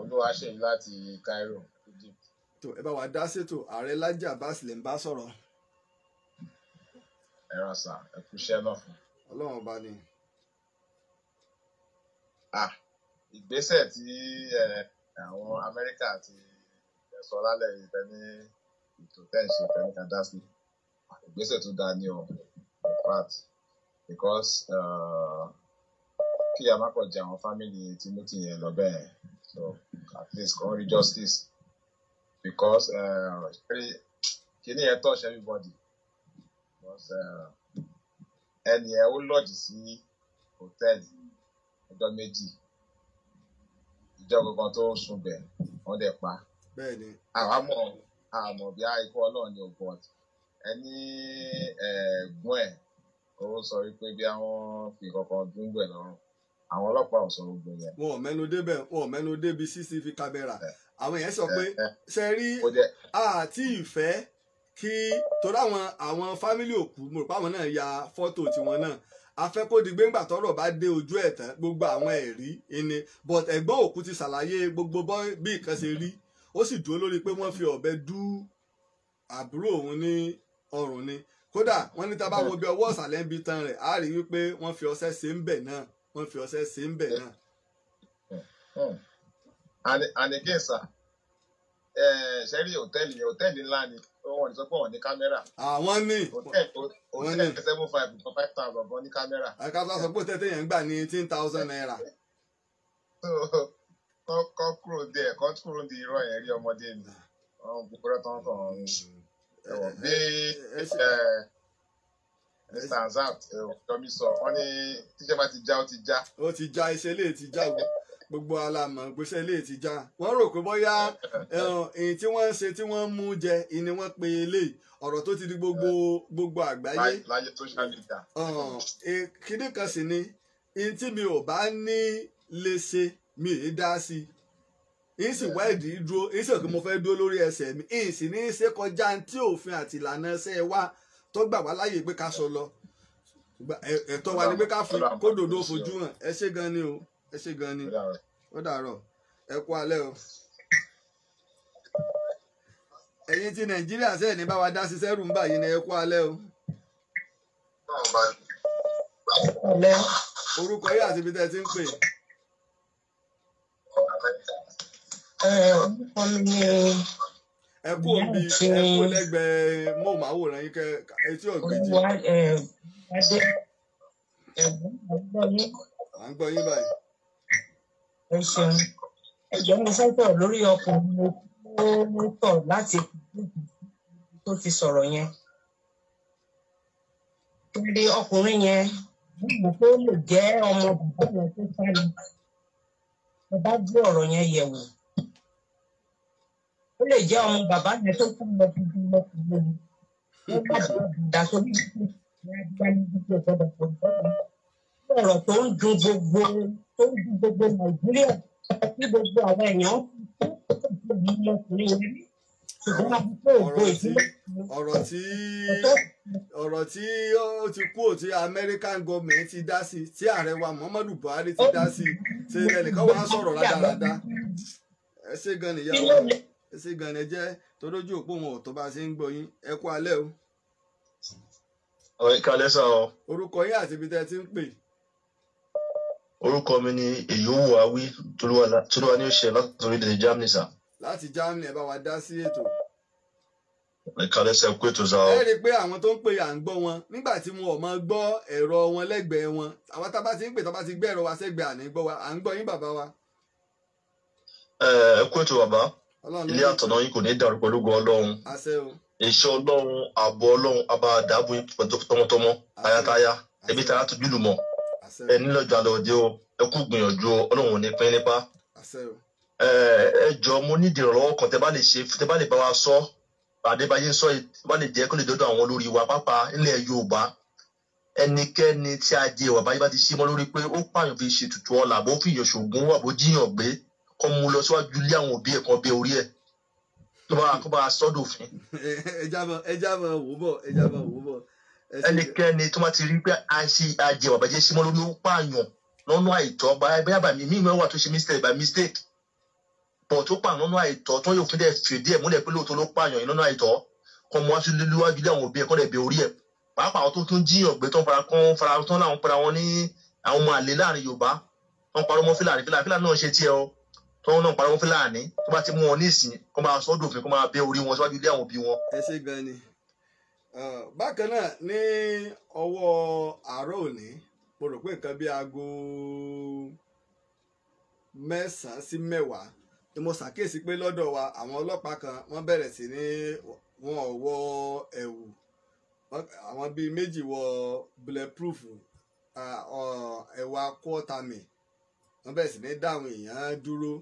Speaker 2: olúwaṣeyí láti Cairo Egypt. tó ẹ bá wa dá ṣètò ààrẹ Laji Abbas lè ń bá sọ̀rọ̀. ẹ ràn sá ẹ kú iṣẹ́ náà fún. ọlọ́run ọba ni.
Speaker 1: ah ìgbésẹ̀ tí. Eh, àwọn Amẹ́ríkà àti ẹ̀sọ́ lálẹ́ ìfẹ́ ní ètò tẹ́ǹsì ìfẹ́ ní ìgbésẹ̀ tó dáa ní o in because uh, kí a má pọ̀ jẹ àwọn fámìlì Timothy yẹn lọ bẹ́ẹ̀ so at least kàn rí justice because uh, kíní yẹn touch everybody because uh, ẹni ẹ ó lọ́ọ̀dì sí hòtẹ́ẹ̀lì ọjọ́ méjì jẹ́ kankan tó sunbẹ̀ wọ́n dẹ̀ pa. bẹ́ẹ̀ni. àwa mọ̀ àmọ̀ bí ikú ọlọ́run ni ògbọ́n ẹni ẹ̀gbọ́n ẹ̀ ó sọ wípé bí àwọn fi kankan dúngbò ẹ̀ lọ́rùn àwọn ọlọ́pàá ò sọ̀rọ̀ gbòòrò yẹn.
Speaker 2: wọn ò mẹ́nu débẹ̀ wọn ò mẹ́nu débi cctv kámẹ́rà àwọn yẹn sọ pé ṣe rí àti ìfẹ́ kí torí àwọn àwọn fámílì òkú mo rò pé àwọn náà ya fọ́tò tiwọn náà afẹ́ kó di gbéńgbà tọ́rọ̀ bá dé ojú ẹ̀ tán gbogbo àwọn ẹ̀rí ni but ẹ̀gbọ́n òkú ti ṣàlàyé gbogbo bí nǹkan ṣe rí ó sì dúró lórí pé wọ́n fi ọ̀bẹ dú àbúrò òun ní ọrùn ni kódà wọ́n ní tá bá wo bí ọwọ́ ọ̀sàlẹ̀ ń bi tan rẹ̀ á rí wípé wọ́n fi ọṣẹ ṣe ń bẹ̀ náà wọ́n fi ọṣẹ ṣe ń bẹ̀ náà.
Speaker 1: and again sir eh, ṣe rí hòtẹ́ẹ̀lì hòtẹ́ẹ̀lì ńlá ni wọn ní sọ pé wọn ní kámẹ́rà.
Speaker 2: àwọn ní. òun ní
Speaker 1: seven five nǹkan five thousand bọ́ ní kámẹ́rà.
Speaker 2: ẹ̀ka sọ pé tẹ́tẹ́ yẹn ń gbà ní eighteen thousand naira.
Speaker 1: kọ́ kúrò dé ẹ̀ kọ́ kúrò dé irọ́ yẹn rí ọmọdé mi ọ̀hún kúkúrẹ́ tán tán ẹ̀wọ̀n bí eh, Mr. Zant ẹ̀wọ̀n tọ́mí sọ wọ́n ní tíṣẹ́ ti já ó ti
Speaker 2: já. ó ti já iṣẹ́ lè ti já gbogbo gbogbo alamọ gbèsè eléyìí ti já wọ́n rò pé bóyá eh, èyí tí wọ́n ń ṣe tí wọ́n ń mú jẹ ni wọ́n pe eléyìí ọ̀rọ̀ tó ti di gbogbo gbogbo àgbáyé e, kíní kan sì ni èyí tí mi ò bá ní lè ṣe mi ì dá sí i n sì wá ìdí dúró n sì rò pé mo fẹ́ dúró lórí ẹsẹ̀ mi n sì ní í ṣe kọjá tí òfin àti ìlànà iṣẹ́ wa tó gbà wá láyè pé ká sọ lọ ẹ̀tọ́ wa ni pé ká fi kódòdó fojú hàn ẹ ṣé gan ni o. ẹ gan ni ó dàárọ̀ ẹ kú alẹ́ o ẹ̀yin ti nàìjíríà sẹ́ẹ̀ ní bá wa dá ọrụ ń yìí ni ẹ kú alẹ́ o. orúkọ yìí àti ibi tẹ́ ti ń pè. ni ẹ kú òbí ẹ kú kẹ etí gbọ́ yín báyìí.
Speaker 4: ẹ ṣeun ẹjọ mo fẹ́ sọ̀rọ̀ lórí ọkùnrin mo kó mo tọ̀ láti tó ti sọ̀rọ̀ yẹn torí ọkùnrin yẹn gbogbo pé ó lè jẹ́ ọmọ bàbá yẹn tó sá lọ ẹ bá gbé ọ̀rọ̀ yẹn yẹ̀ wò ó lè jẹ́ ọmọ bàbá yẹn tó sá lọ fún bí wọ́n fi gbé mi ó bá dà sórí ìdíje ìgbà ní gbogbo ọ̀gá ọ̀gá ọ̀rọ̀ tó ń dùn gbogbo tó ń ju gbogbo nàìjíríà tí gbogbo àwọn èèyàn ń fi ní ọkùnrin
Speaker 2: ṣùgbọ́n a ti tó ògbó ìdílé. ọ̀rọ̀ tí ọ̀rọ̀ tí ó ti kú òtí American government ti dá sí tí ààrẹ wa Muhammadu Buhari ti dá sí ṣe ẹnìkan wàá sọ̀rọ̀ rádaràda ẹ ṣe gan nìyá wa ẹ ṣe gan ni jẹ́ tọ́lójú òpó wọn ọ̀tọ̀ bá ṣe ń gbọ́ yín ẹ kú alẹ́ o.
Speaker 6: ọ̀rẹ́ kalẹ́ sá o. orúkọ yín àti ibi tẹ́ ẹ ti ń pè é orúkọ mi ni èyíwò awí tolúwa ní òṣè láti orílẹ̀ èdè germany sà.
Speaker 2: láti germany ẹ bá wa dá sí ètò.
Speaker 6: ìkàlẹ̀ sẹ́ kú ètò sáà. ẹ rí
Speaker 2: i pé àwọn tó ń pè à ń gbọ́ wọn nígbà tí wọn ò mọ gbọ́ ẹ̀rọ wọn lẹ́gbẹ̀ẹ́ wọn àwọn tá a bá ti ń pè tá a bá ti gbé ẹ̀rọ wa sẹ́gbẹ̀ẹ́ àní gbọ́ wa à ń gbọ́ yín bàbá wa.
Speaker 6: ẹ kú ètò bàbá ilé àtọ̀nà yín kò ní dàrú pẹ̀lú gan ọlọ́run iṣẹ́ ọlọ́run àbọ̀ ọlọ́run abáadáàbò yín pẹ̀lú tọmọtọmọ tayátayá ẹbí tayá tó jùlù mọ́ ẹ nílọ́jọ́ àlọ́dẹ o ẹ kú gbìyànjú o ọlọ́run ò ní pín nípa ẹ jọ mo nídìí ìrànlọ́wọ́ kan tẹ bá lè ṣe tẹ bá lè bá wa sọ àdébáyé sọ yìí tẹ bá lè jẹ́ kó lè dọ́dọ̀ àwọn olórí wa pápá ilẹ̀ Yorùbá ẹnikẹ́ni tí a jẹ ìwà báyìí bá ti ṣe mọ́ lórí pé ó pààyàn fi ṣe tutù ọ̀la bó fìyàn ṣògùn wà bó jiyàn gbé kó mú lọ síwájú ilé àwọn òbí ẹ̀ kan bẹ orí ẹ̀ tó bá kó bá sọ́dọ̀ òfin. ẹ jábọ̀ ẹ jábọ̀ wò ẹ jábọ̀ wò ẹnikẹ́ni tó máa ti rí pé àjẹ bàbàjẹ́ símọ́ lórí ó pààyàn lọ́nà àìtọ́ báyà bàmí mí ìwé wà tó ṣe mistake by mistake pọ̀ tó pààyàn lọ́nà àìtọ́ tó yóò fi dẹ̀ fìdí ẹ̀ múlẹ̀ pé lóòótọ́ ló pààyàn lọ́nà àìtọ́ kọ́ mọ́ wáṣú lójú àwọn òbí ẹ̀ kọ́ dẹ̀ bẹ orí ẹ̀ pàápàá àwọn tó tún jíyàn gbé tán fara kan fara tán láwọn para wọn ní àwọn ọmọ àlè láàrin Yorùbá tán parọ́ mọ́ Fúlàní Fúlàní náà ṣe tiẹ̀ o tán náà parọ́ mọ́ Fúlàní tó bá ti mú wọn ní ìsìn kó máa sọ́dọ̀ òfin kó máa bẹ orí wọn síwájú ilé àwọn òbí wọn. ẹ ṣe gan ni bákan náà ní
Speaker 2: ọwọ́ àárọ̀ òní mo rò pé nǹkan bíi aago mẹ́sàn-án sí mẹ́wàá ni mo ṣàkíyèsí pé lọ́dọ̀ wa àwọn ọlọ́pàá kan wọ́n bẹ̀rẹ̀ sí ní wọn ò ẹ̀wù àwọn bíi méjì wọ bulletproof ẹ̀wù akọ́tàmì wọ́n bẹ̀rẹ̀ sí ní dáhùn èèyàn dúró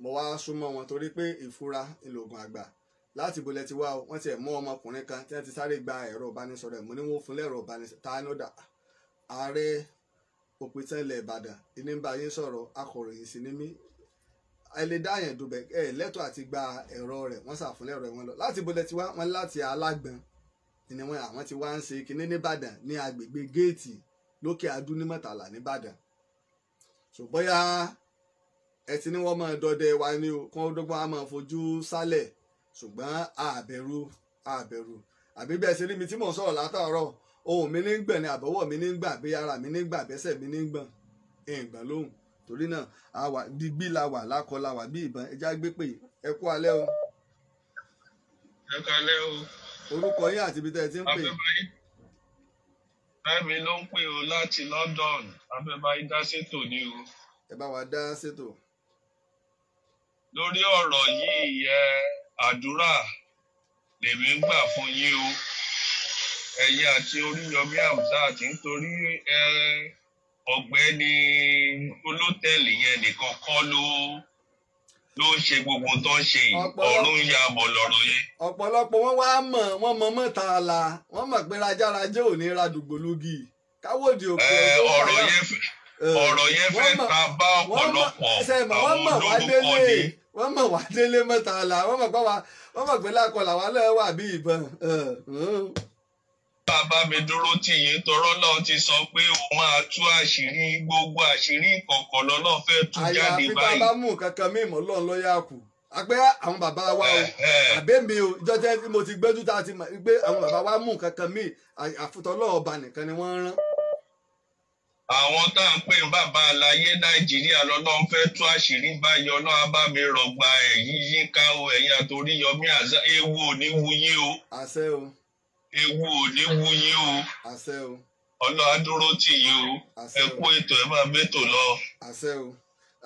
Speaker 2: mo wá súnmọ́ wọn torí pé ìfura ìlògùn àgbà láti ibo lẹ ti wá o wọ́n ti ẹ̀ mú ọmọkùnrin kan tí wọ́n ti sáré gba ẹ̀rọ ìbánisọ̀rọ̀ ẹ̀ mo ní wọ́n fún lẹ́rọ ìbánisọ̀rọ̀ ta ni ó dà ààrẹ òpìtàn ilẹ̀ ìbàdàn ìní ń bá yín sọ̀rọ̀ akọ̀ròyìn sì ni mí ẹ lè dá àyàn dùbẹ̀ ẹ lẹ́tọ̀ àti gba ẹ̀rọ rẹ̀ wọ́n sà fún lẹ́rọ ẹ̀ wọ́n lọ láti ibo ti wá wọ́n láti alágbọn ni wọn àwọn ti wá ń ṣe kinní nìbàdàn ní agbègbè géètì lókè adú ní nìbàdàn so bóyá ẹ ti ní wọ́n máa dọdẹ wa ni o kí wọ́n dọ́gbọ́n máa fojú sálẹ̀ ṣùgbọ́n àbẹ̀rù àbẹ̀rù àbí bẹ́ẹ̀ ṣe rí mi tí mò ń sọ̀rọ̀ látàárọ̀ ohun mi ní ń gbọ̀n ni àbọ̀wọ̀ mi ní ń gbà bí ara mi ní ń gbà bẹ́sẹ̀ mi ní ń gbọ̀n ìgbọ̀n lóhùn torí náà àwà digbí la wà lákọ la wà bí ìbọn ẹja gbé pè ẹ kú alẹ́ o. ẹ kú alẹ́ o. orúkọ yín àti ibi tẹ́ ẹ ti ń pè.
Speaker 1: Fẹ́mi ló ń pè o láti London abẹ́bá dá ṣètò ni o.
Speaker 2: ẹ bá wa dá ṣètò.
Speaker 1: lórí ọ̀rọ̀ yìí ẹ. Eh àdúrà lèmi ń gbà fún yín o ẹyẹ àti oríyọmí hamzat nítorí ọ̀gbẹ́ni olótẹ́ẹ̀lì yẹn nìkan kọ́ ló ló ń ṣe gbogbo tó ń ṣe yìí ọ̀run ya bọ̀ lọ́rọ̀ yẹn.
Speaker 2: ọ̀pọ̀lọpọ̀ wọ́n wá mọ̀ wọ́n mọ̀ mọ́ta la wọ́n mọ̀ pé rajaraja ò ní ra dùgbòlugi káwọ́dì òkú ọjọ́ wà náà ọ̀rọ̀ yẹn fẹ́ ta bá ọ̀pọ̀lọpọ̀ àwọn olórúkọ ni. wọ́n mọ̀ wá délé mọ́tàlá wọ́n mọ̀ pé wọ́n mọ̀ pé lákọ̀ làwọn náà wà bí ìbọn. bàbá
Speaker 1: mi dúró tì yín tọrọ náà ti sọ pé ó máa tú àṣírí gbogbo àṣírí ìkọ̀kọ̀ lọ́nà fẹ́
Speaker 2: tú jáde báyìí. àyàfi bá bá mú kankan mí ìmọ̀ lọ́n lọ́ọ́ kù àpẹ́ àwọn bàbá wa o àbẹ́ mi o ìjọ tẹ́ mo ti gbẹ́jú tá a ti gbé àwọn bàbá wa mú kankan mí àfutọ́lọ́ọ̀ba nìkan ni wọ́n rán àwọn tá à ń pè ń bàbá aláyé nàìjíríà lọ́lọ́run fẹ́ tú àṣírí báyọ náà bá mi rọ̀gbà ẹ̀yìn yínká o ẹ̀yìn àtòrí yọmí àzá ewu ò wuyín o ewu ò wuyín o ọlọ́run adúró tì yín o ẹ kú ètò ẹ máa mẹ́tò lọ.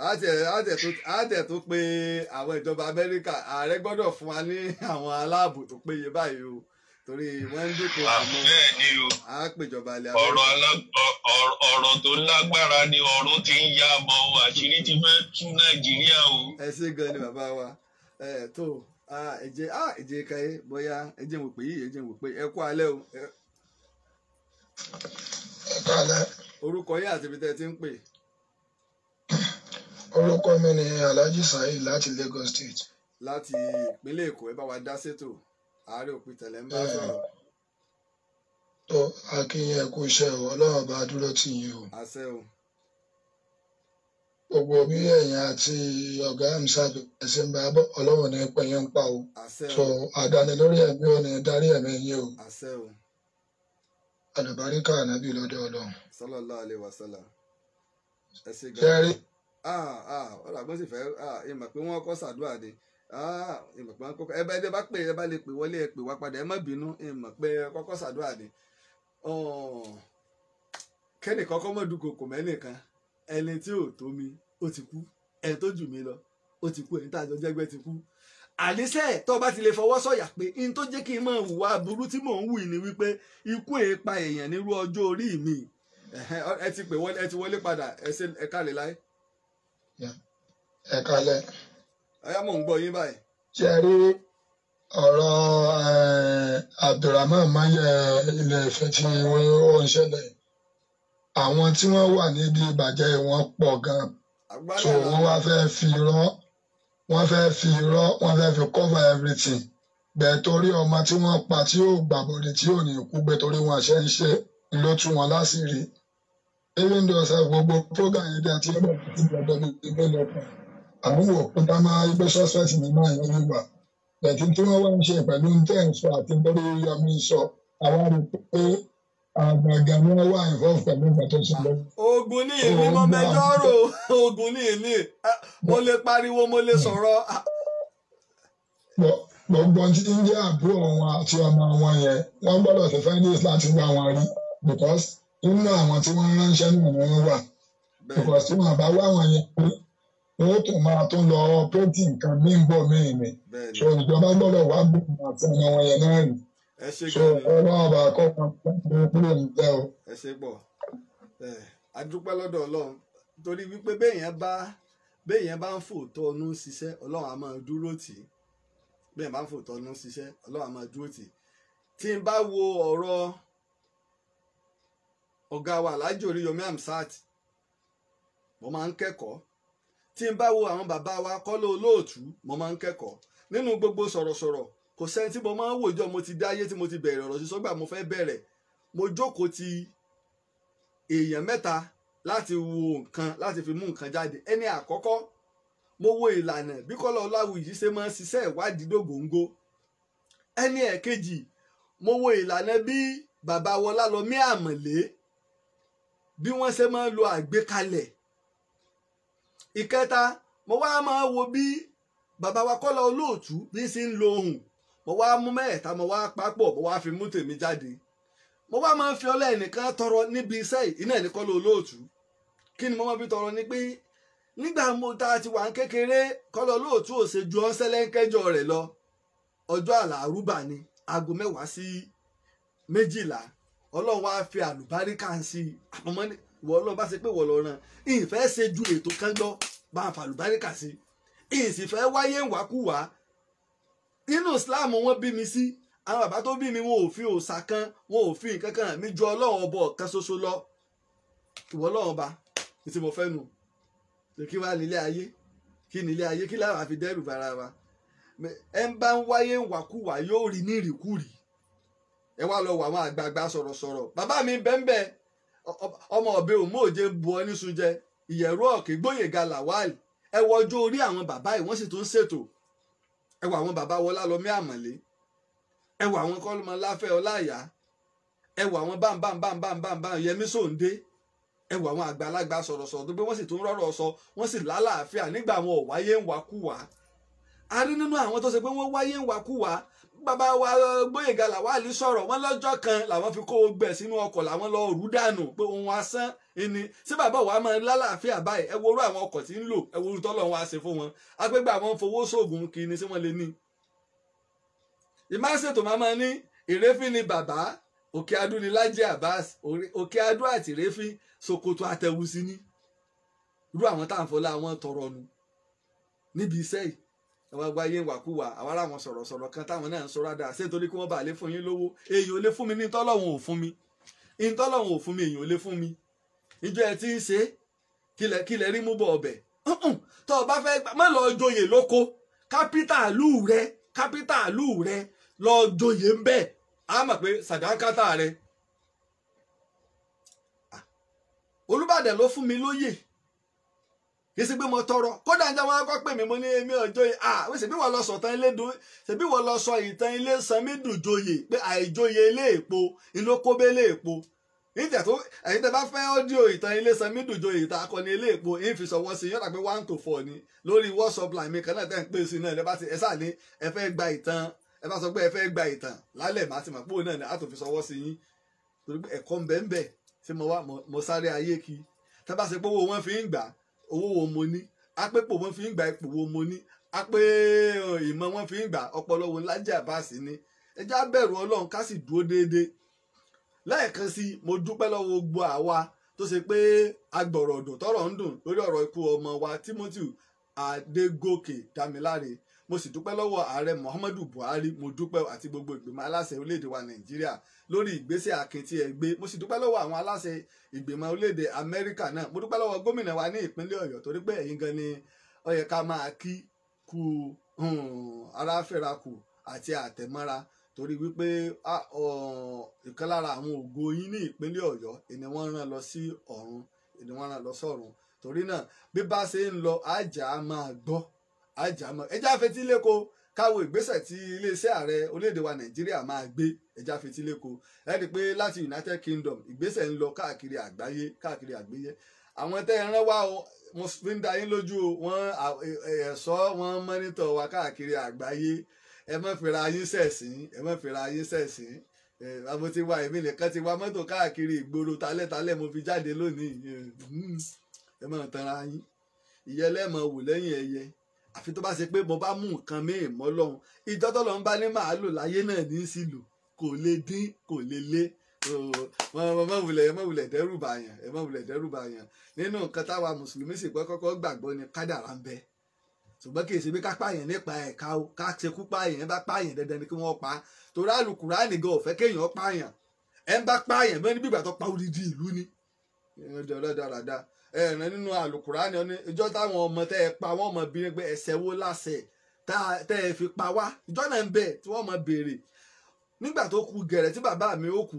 Speaker 2: àádẹ́ tó pé àwọn ìjọba amẹ́ríkà ààrẹ gbọ́dọ̀ fún wa ní àwọn aláàbò tó péye báyìí o. torí wọ́n ń dúpọ̀ àmọ́ á pèjọba ilẹ̀ abẹ́rẹ́. ọ̀rọ̀ tó lágbára ni ọ̀run ti ń ya bọ̀ àṣírí ti fẹ́ tú nàìjíríà o. ẹ ṣé gan ni bàbá wa ẹ tó ẹjẹ ẹjẹ káyé bóyá ẹjẹ wò pé yìí ẹjẹ wò pé ẹ kú alẹ́ o. ẹ
Speaker 3: kú alẹ́. orúkọ yín àti ibi tẹ́ ẹ ti ń pè. orúkọ mi ni Alhaji Saheed láti Lagos State. láti ìpínlẹ̀ Èkó ẹ bá wa dá sétò. àárẹ̀ òpin tẹ̀lé ń bá sọ̀rọ̀. tó akínyìn ẹ kú iṣẹ́ o ọlọ́run bá dúró tì yín o. àṣẹ o. gbogbo bí ẹ̀yin àti ọ̀gá mṣàbí ẹ̀sìn bá bọ̀ ọlọ́run ní pẹ̀yìn ń pa o. àṣẹ o. tó àdáni lórí ẹ̀mí ò ní darí ẹ̀mí yín o. àṣẹ o. àlùbáríkà ànábì lọ́dọ̀ ọlọ́run. sallallahu alaihi wasallam. ẹ ṣe gan-an. ṣe rí.
Speaker 2: ah ah ọ̀rọ̀ àgbọ̀nsìfẹ́ ah ìmọ̀ pé wọ́n kọ́ sàdúrà ni ìmọ̀ ah, pé kọ́kọ́ ẹ bá ẹ bá pè ẹ bá lè pè wọlé ẹ pè wá padà ẹ má bínú ìmọ̀ pé kọ́kọ́ ṣàdúrà ni kẹ́nì kọ́kọ́ mọ̀ dúnkokò mẹ́nìkan ẹni tí ò tó mi ó ti kú ẹni tó jù mí lọ ó ti kú ẹni tá àjọ jẹ́gbẹ́ ti kú àníṣe tó bá ti lè fọwọ́ sọ̀yà pé n tó jẹ́ kí n máa hùwà burú tí mò ń hù ni wípé ikú èé pa èèyàn nírú ọjọ́ orí mi ẹ ti pè wọlé padà ẹ ṣe láyé. ẹ kálẹ̀ ẹyà mò ń gbọ́ yín báyìí.
Speaker 3: ṣe rí ọ̀rọ̀ eh, Abdulrahman Maye ilẹ̀ Ifẹ̀ tí wọ́n ó ń ṣẹlẹ̀ àwọn tí wọ́n wà níbi ìbàjẹ́ wọn pọ̀ gan so wọ́n wá fẹ́ fi irọ́ wọ́n fẹ́ fi irọ́ wọ́n fẹ́ fi cover everything bẹ́ẹ̀ torí ọmọ tí wọ́n pa tí yóò gbàbọ̀dé tí yóò ní ikú bẹ́ẹ̀ torí wọn ṣe ń ṣe ló tú wọn láṣìírí even though ọ̀sẹ̀ gbogbo program yìí dẹ̀ ti ń bọ̀ láti gbàgbọ́ bíi ìgbẹ́ lọ́kàn àbúrò òkúta máa gbé sọ́sẹ́sì nínú àyè wíwà bẹ̀tí tí wọ́n wá ń ṣe pẹ̀lú ntẹ́ǹsọ àti nítorí yomi sọ àwọn rí pé àgbàgà ni wọ́n wá ìfọ́n pẹ̀lú nǹkan tó ṣe lọ. oògùn ní èmi mo mẹjọ rò
Speaker 2: oògùn ní èmi mo lè pariwo mo lè sọ̀rọ̀.
Speaker 3: gbogbo tí ń jẹ́ àbúrò wọn àti ọmọ wọn yẹn wọ́n gbọ́dọ̀ ti fẹ́ ní láti gba wọn rí because nínú àwọn tí wọ́n ránṣẹ́ nù wọ́n wà because tí wọ́n bá wá wọn yẹn wọ́n tún máa tún lọ pẹ́ntì nǹkan mí ń bọ̀ míì mi so ìjọba gbọ́dọ̀ wá gbọ́dọ̀ àti ọmọ wọn yẹn náà rì so ọlọ́run ọba àkọ́kọ́ pẹ́ntì kúrò nílẹ̀ o.
Speaker 2: ẹ ṣe pọ̀ adúpẹ́ lọ́dọ̀ ọlọ́run torí wípé béèyàn bá bá ń fòótọ́ ọnú ṣiṣẹ́ ọlọ́run á máa dúró tì í béèyàn bá ń fòótọ́ ọnú ṣiṣẹ́ ọlọ́run á máa dúró tì í tí n bá wo ọ̀rọ̀ ọ̀gá wa alájò yomi amsat mo máa ń kẹ́kọ̀ọ́ tí n bá wo àwọn bàbá wa kọ́lé olóòtú mo máa ń kẹ́kọ̀ọ́ nínú gbogbo sọ̀rọ̀sọ̀rọ̀ kò sẹ́ni tí mo máa ń wòjọ́ mo ti dáyé tí mo ti bẹ̀rẹ̀ ọ̀rọ̀ sísọ́gbà mo fẹ́ bẹ̀rẹ̀ mo jókòó ti èèyàn mẹ́ta láti wo nǹkan láti fi mú nǹkan jáde ẹni àkọ́kọ́ mo wo ìlànà bí Kọ́lá Ọláwùyí ṣe máa ń ṣiṣẹ́ ìwádìí dògóńgó ẹni ẹ̀kejì mo wo ìlànà bí bàbá Wọlá lọ mí àmọ̀lé bí wọ́n ṣe máa ń lo àgbékalẹ̀ ìkẹta mo wá máa wo bí bàbá wa Kọ́lá Olóòtú bí sí ń lo ohùn mo wá mú mẹ́ẹ̀ta mo wá papọ̀ mo wá fi mú tèmi jáde mo wá máa ń fi ọlá ẹnìkan tọrọ níbi iṣẹ́ yìí iná ẹni Kọ́lá Olóòtú kí ni mo máa fi tọrọ ni pé nígbà mo ta ti wà ń kékeré Kọ́lá Olóòtú ò ṣe ju ọ́nsẹ́lẹ́ńkẹ́jọ rẹ̀ lọ ọjọ́ àlàrúbà ni aago mẹ́wàá sí méjìlá ọlọ́run wá fi àlùbáríkà sí àmọ́mọ́ wọ ọlọ́run bá ṣe pé wọ lọ́ràn ìfẹ́ ṣe ju ètò kan gbọ́ bá ń fàlùbáríkà sí ìsìfẹ́ wáyé wákùwá nínú Islam wọn bí mi sí àwọn bàbá tó bí mi wọn ò fi òòṣà kan wọn ò fi nǹkan kan mi ju ọlọ́run ọbọ kan ṣoṣo lọ ìwọ ọlọ́run ba ètò ìmọ̀ fẹ́ nu kí wàá nílé ayé kí nílé ayé kí láwọn àfi dẹ́rù bara wa ẹ ń bá ń wáyé wákùwá yóò rí ní ìrìkúrì ẹ wá lọ wọ àwọn àgbààgbà sọ̀rọ̀sọ̀rọ̀ bàbá mi bẹ́ẹ̀ bẹ́ẹ̀ ọmọ ọbẹ òmóòjé bu ọ ní sunjẹ ìyẹ̀rú ọ̀kì gbóyèga làwálì ẹ wọ ọjọ́ orí àwọn bàbá yìí wọ́n sì tún ṣètò ẹ wọ àwọn bàbá wọlá lọmí àmọ̀lé ẹ wọ àwọn kọ́lùmọ́ láfẹ́ ọláyà ẹ wọ àwọn bámbámbámbámbámbá yẹmí sòǹdé ẹ wọ àwọn àgbàlagbà sọ̀rọ̀sọ̀rọ̀ tó gbé wọ́n sì tún rọ́rọ̀ sọ wọ́n sì lálàáfíà nígbà àwọn ọ̀wáyé ń wakúwà a rí nínú àwọn tó ṣe pé wọ́n wáyé ń wakúwà bàbá wa eh, gbóyèga làwálì sọ̀rọ̀ wọ́n lọ́jọ́ kan làwọn fi kó gbẹ̀ sínú ọkọ̀ làwọn lọ rú dànù pé ohun asán ni sí bàbá wa máa lálàáfíà báyìí ẹ worú àwọn ọkọ̀ tí ń lò ẹ worú tọ́lọ̀ wọn a ṣe fún wọn agbégbé àwọn fowó sóògùn kì í ni sí wọn lè ní. ìmáṣètò máa máa ní ìrẹ́fín ni bàbá òkè adú ni Laji Abbas òkè adú àti ìrẹ́fín Sokoto àtẹwùsí ní irú àwọn táǹfọlá wọn tọrọ nu níbi iṣẹ́ yìí wọn gba yé wàkúwà àwọn ará wọn sọ̀rọ̀ sọ̀rọ̀ kan táwọn náà ń sọ rádà ṣé nítorí kí wọ́n bá lè fún yín lówó èyí ò lè fún mi ní tọ́lọ́hún ò fún mi ní tọ́lọ́hún ò fún mi èyí ò lè fún mi ìjọ ẹ ti ń ṣe kílẹ̀ kílẹ̀ rí mú bọ̀ ọbẹ̀ tó o bá fẹ́ má lọ joyè lóko kápítà rẹ kápítà rẹ lọ joyè ń bẹ̀ á mọ̀ pé sàdákátà rẹ ah. Olúbàdàn ló fún mi lóyè kì í ṣe pé mo tọrọ kódà ń jẹ́ wọn kọ́ pè mí mo ní èmi ọjọ́ yìí ah wọ́n ṣèbí wọ́n lọ sọ tán ilé dùn ṣèbí wọ́n lọ sọ ìtàn ilé sanmi dùn joyè pé àìjoyè ilé èpo ìlókóbé ilé èpo níta tó ẹ̀yin tẹ́ bá fẹ́ ọ́díò ìtàn ilé sanmi dùn joyè ìta akọni ilé èpo ìfi sí yọ̀dà pé one to four ni lórí WhatsApp line mi kan náà tẹ́ ń pè sí náà ẹ bá ti ẹ sáà ẹ fẹ́ gba ìtàn ẹ bá sọ pé ẹ fẹ́ gba ìtàn lálẹ́ màá pé ni a tó fi sọ̀wọ́ sí yín torí pé ẹ̀kọ́ ń bẹ́ẹ̀ ń bẹ́ẹ̀ ṣé mo wá mo sáré ayé kí tẹ́ bá ṣe pé owó wọn fi ń gbà owó wo mo ní apépò wọn fi ń gba ipò wo mo ní apé ìmọ̀ wọn fi ń gbà ọpọlọ wọn lájà bá sí ni ẹ já bẹ̀rù ká sì dúró déédéé lẹ́ẹ̀kan sí mo dúpẹ́ lọ́wọ́ gbogbo àwa tó ṣe pé agbọ̀rọ̀ ọ̀dùn tọ́rọ̀ ń dùn lórí ọ̀rọ̀ ikú ọmọ wa Timothy adegoke Dámiláre mo sì dúpẹ́ lọ́wọ́ ààrẹ Muhammadu Buhari mo dúpẹ́ àti gbogbo ìgbìmọ̀ aláṣẹ orílẹ̀-èdè wa Nàìjíríà lórí ìgbésẹ̀ akin tí ẹ gbé mo sì dúpẹ́ lọ́wọ́ àwọn aláṣẹ ìgbìmọ̀ orílẹ̀-èdè amẹ́ríkà náà mo dúpẹ́ lọ́wọ́ gómìnà wa ní ìpínlẹ̀ ọ̀yọ́ torí pé ẹ̀yin gan ni ó yẹ ká máa kí ku ara fẹ́ra kù àti àtẹ̀mọ́ra torí wípé ìkan lára àwọn ògo yín ní ìpínlẹ̀ ọ̀yọ́ ni wọ́n rán lọ sí ọ̀run ni wọ́n rán lọ sọ̀run torí náà bí bá ṣe ń lọ àjà máa gbọ́ àjà máa ẹjẹ́ àfetíléko káwo ìgbésẹ̀ tí iléeṣẹ́ ààrẹ orílẹ̀-èdè wa nàìjíríà máa gbé ẹja fetíléko ẹni pé láti united kingdom ìgbésẹ̀ ń lọ káàkiri àgbáyé káàkiri àgbáyé àwọn tẹ́ ẹ rán wá o mo fi ń da yín lójú wọn ẹ̀ṣọ́ wọn mọ́nítọ̀ wa káàkiri àgbáyé ẹ má fira yín sẹ̀sìn ẹ má fira yín sẹ̀sìn àmọ́ ti wá èmi nìkan ti wá mọ́tò káàkiri ìgboro talẹ́talẹ́ mo fi jáde lónìí ẹ má tanra yín ìyẹlẹ́mọ̀ wò lẹ́yìn ẹyẹ àfi tó bá ṣe pé mo bá mú nǹkan míì mọ́ lọ́hùn ìjọ tó lọ́n bá ní màálù láyé náà ní sí lò kò lè dín kò lè lé má wulẹ̀ má wulẹ̀ dẹ́rù bàyàn má wulẹ̀ dẹ́rù bàyàn nínú nǹkan táwa mùsùlùmí sì pẹ́ kọ́kọ́ gbàgbọ́ ni kádàrá ń bẹ ṣùgbọ́n kì í ṣe bí ká pààyàn nípa ẹ̀ka o ká ṣe kú pààyàn bá pààyàn dandan ni kí wọ́n pa torí àlùkùránì gan ò fẹ́ kéèyàn pààyàn ẹ̀ ń bá pààyàn bẹ́ẹ̀ ni bí ìgbà tó pa odidi ìlú ni ọ̀dọ̀ ọ̀dọ̀ dáadáa ẹ̀rìn nínú àlùkùránì ọ ní ìjọ táwọn ọmọ tẹ́ ẹ pa wọ́n ọmọ bíi pé ẹ̀ṣẹ̀ wo láṣẹ tẹ́ ẹ fi pa wá ìjọ náà ń bẹ̀ tí wọ́n mọ béèrè nígbà tó kú gẹ̀rẹ́ tí bàbá mi ó kú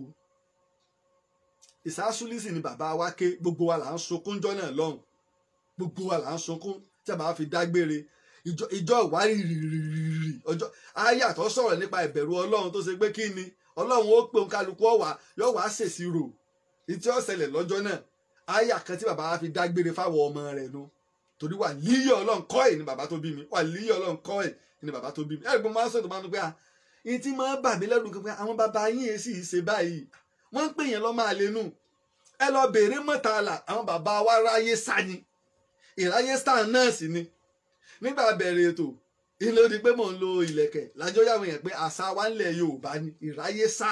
Speaker 2: ìsásúlísì ni bàbá wa ké gbogbo wa là ń sunkún ìjọ náà lọ́hùn gbogbo wa là ń sunkún tí a bá fi dágbére ìjọ ìwárìrìrìrì ọjọ́ ayé àtọ́ sọ̀rọ̀ nípa ìbẹ̀rù ọlọ́run tó ṣe pé kí ni ọlọ́run ó pè ń kálukú ọ̀wà yóò wá ṣèṣirò ìtí ó ṣẹlẹ̀ lọ́jọ́ náà àyà kan tí bàbá fi dágbére fáwọn ọmọ rẹ̀ nu torí wà líyẹ ọlọ́run kọ́ ẹ̀ ni bàbá tó bí mi wà líyẹ ọlọ́run kọ́ ẹ̀ ni bàbá tó bí mi ẹ̀rọ gbọ́n máa ń sọ̀tọ̀ máa ń pẹ́ à ní tí máa ń bà mí lẹ́rù pé àwọn bàbá yín èsì ṣe báyìí wọ́n ń pè yẹn lọ máa lẹ́nu ẹ lọ bèrè mọ̀tàlà àwọn bàbá wa ráyé sá ni ìráyé sá náà sì ni nígbà bẹ̀rẹ̀ ètò ilé ó di pé mò ń lo ìlẹ̀kẹ̀ lájọ́ yàwọn èèyàn pé àṣà wa ńlẹ̀ Yorùbá ni ìráyé sá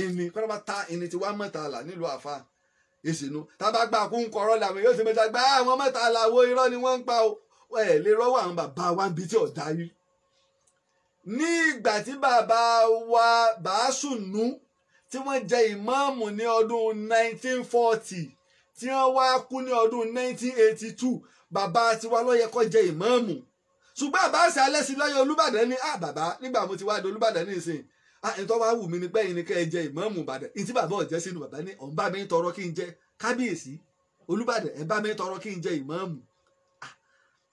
Speaker 2: ẹni pátápátá ẹni tí wàá mọ̀tàlà nílùú àfáà èsì nu tá a bá gbà kó ń kọ ọ̀rọ̀ làwọn yóò ṣe mẹ́ta gbà àwọn mẹ́ta làwọn irọ́ ni wọ́n ń pa o ẹ lè rọ́wọ́ àwọn bàbá wa ń bi tí ọ̀dà yìí ní ìgbà tí bàbá wa bàásùnú tí wọ́n jẹ ìmáàmù ní ọdún 1940 tí wọ́n wá kú ní ọdún 1982 bàbá tiwa ló yẹ kó jẹ ìmáàmù ṣùgbọ́n àbáṣe alẹ́ sí lọ́yọ̀ Olúbàdàn ni ah bàbá nígbà mo ti wá di Olúbàdàn ní Ah, ẹ̀tọ́ wa wù mí ni pé ẹ̀yin ni kẹ́ ẹ jẹ ìmáàmù ìbàdàn ìtí bàbá ọ̀jẹ́ sínú bàbá ní ọ̀n bá mi tọrọ kí n jẹ kábíyèsí olúbàdàn ẹ̀ bá mi tọrọ kí n jẹ ìmáàmù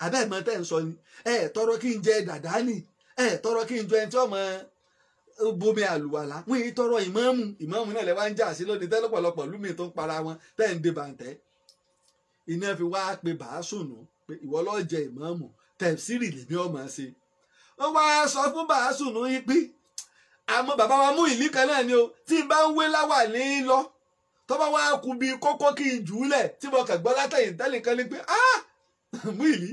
Speaker 2: àbẹ́ ah, ẹ̀mọ tẹ́ ń sọ ni ẹ̀ tọrọ kí n jẹ dàdánì ẹ̀ tọrọ kí n jọ ẹni tí ọmọ bomi àlùwàlà wọ́n yìí tọrọ ìmáàmù ìmáàmù náà lẹ́wà ń jà sí lónìí tẹ́lọ̀pọ̀lọpọ̀ lùmí wọ́n wá sọ fún bàásùnù yìí pé àmọ́ bàbá wa mú ìlí kan náà ni o tí n bá ń wé láwà ní í lọ tó bá wá kú bí kókó kí n jù tí mo kàn gbọ́ látẹ̀yìn tẹ́lẹ̀ kan ní pé ah mú ìlí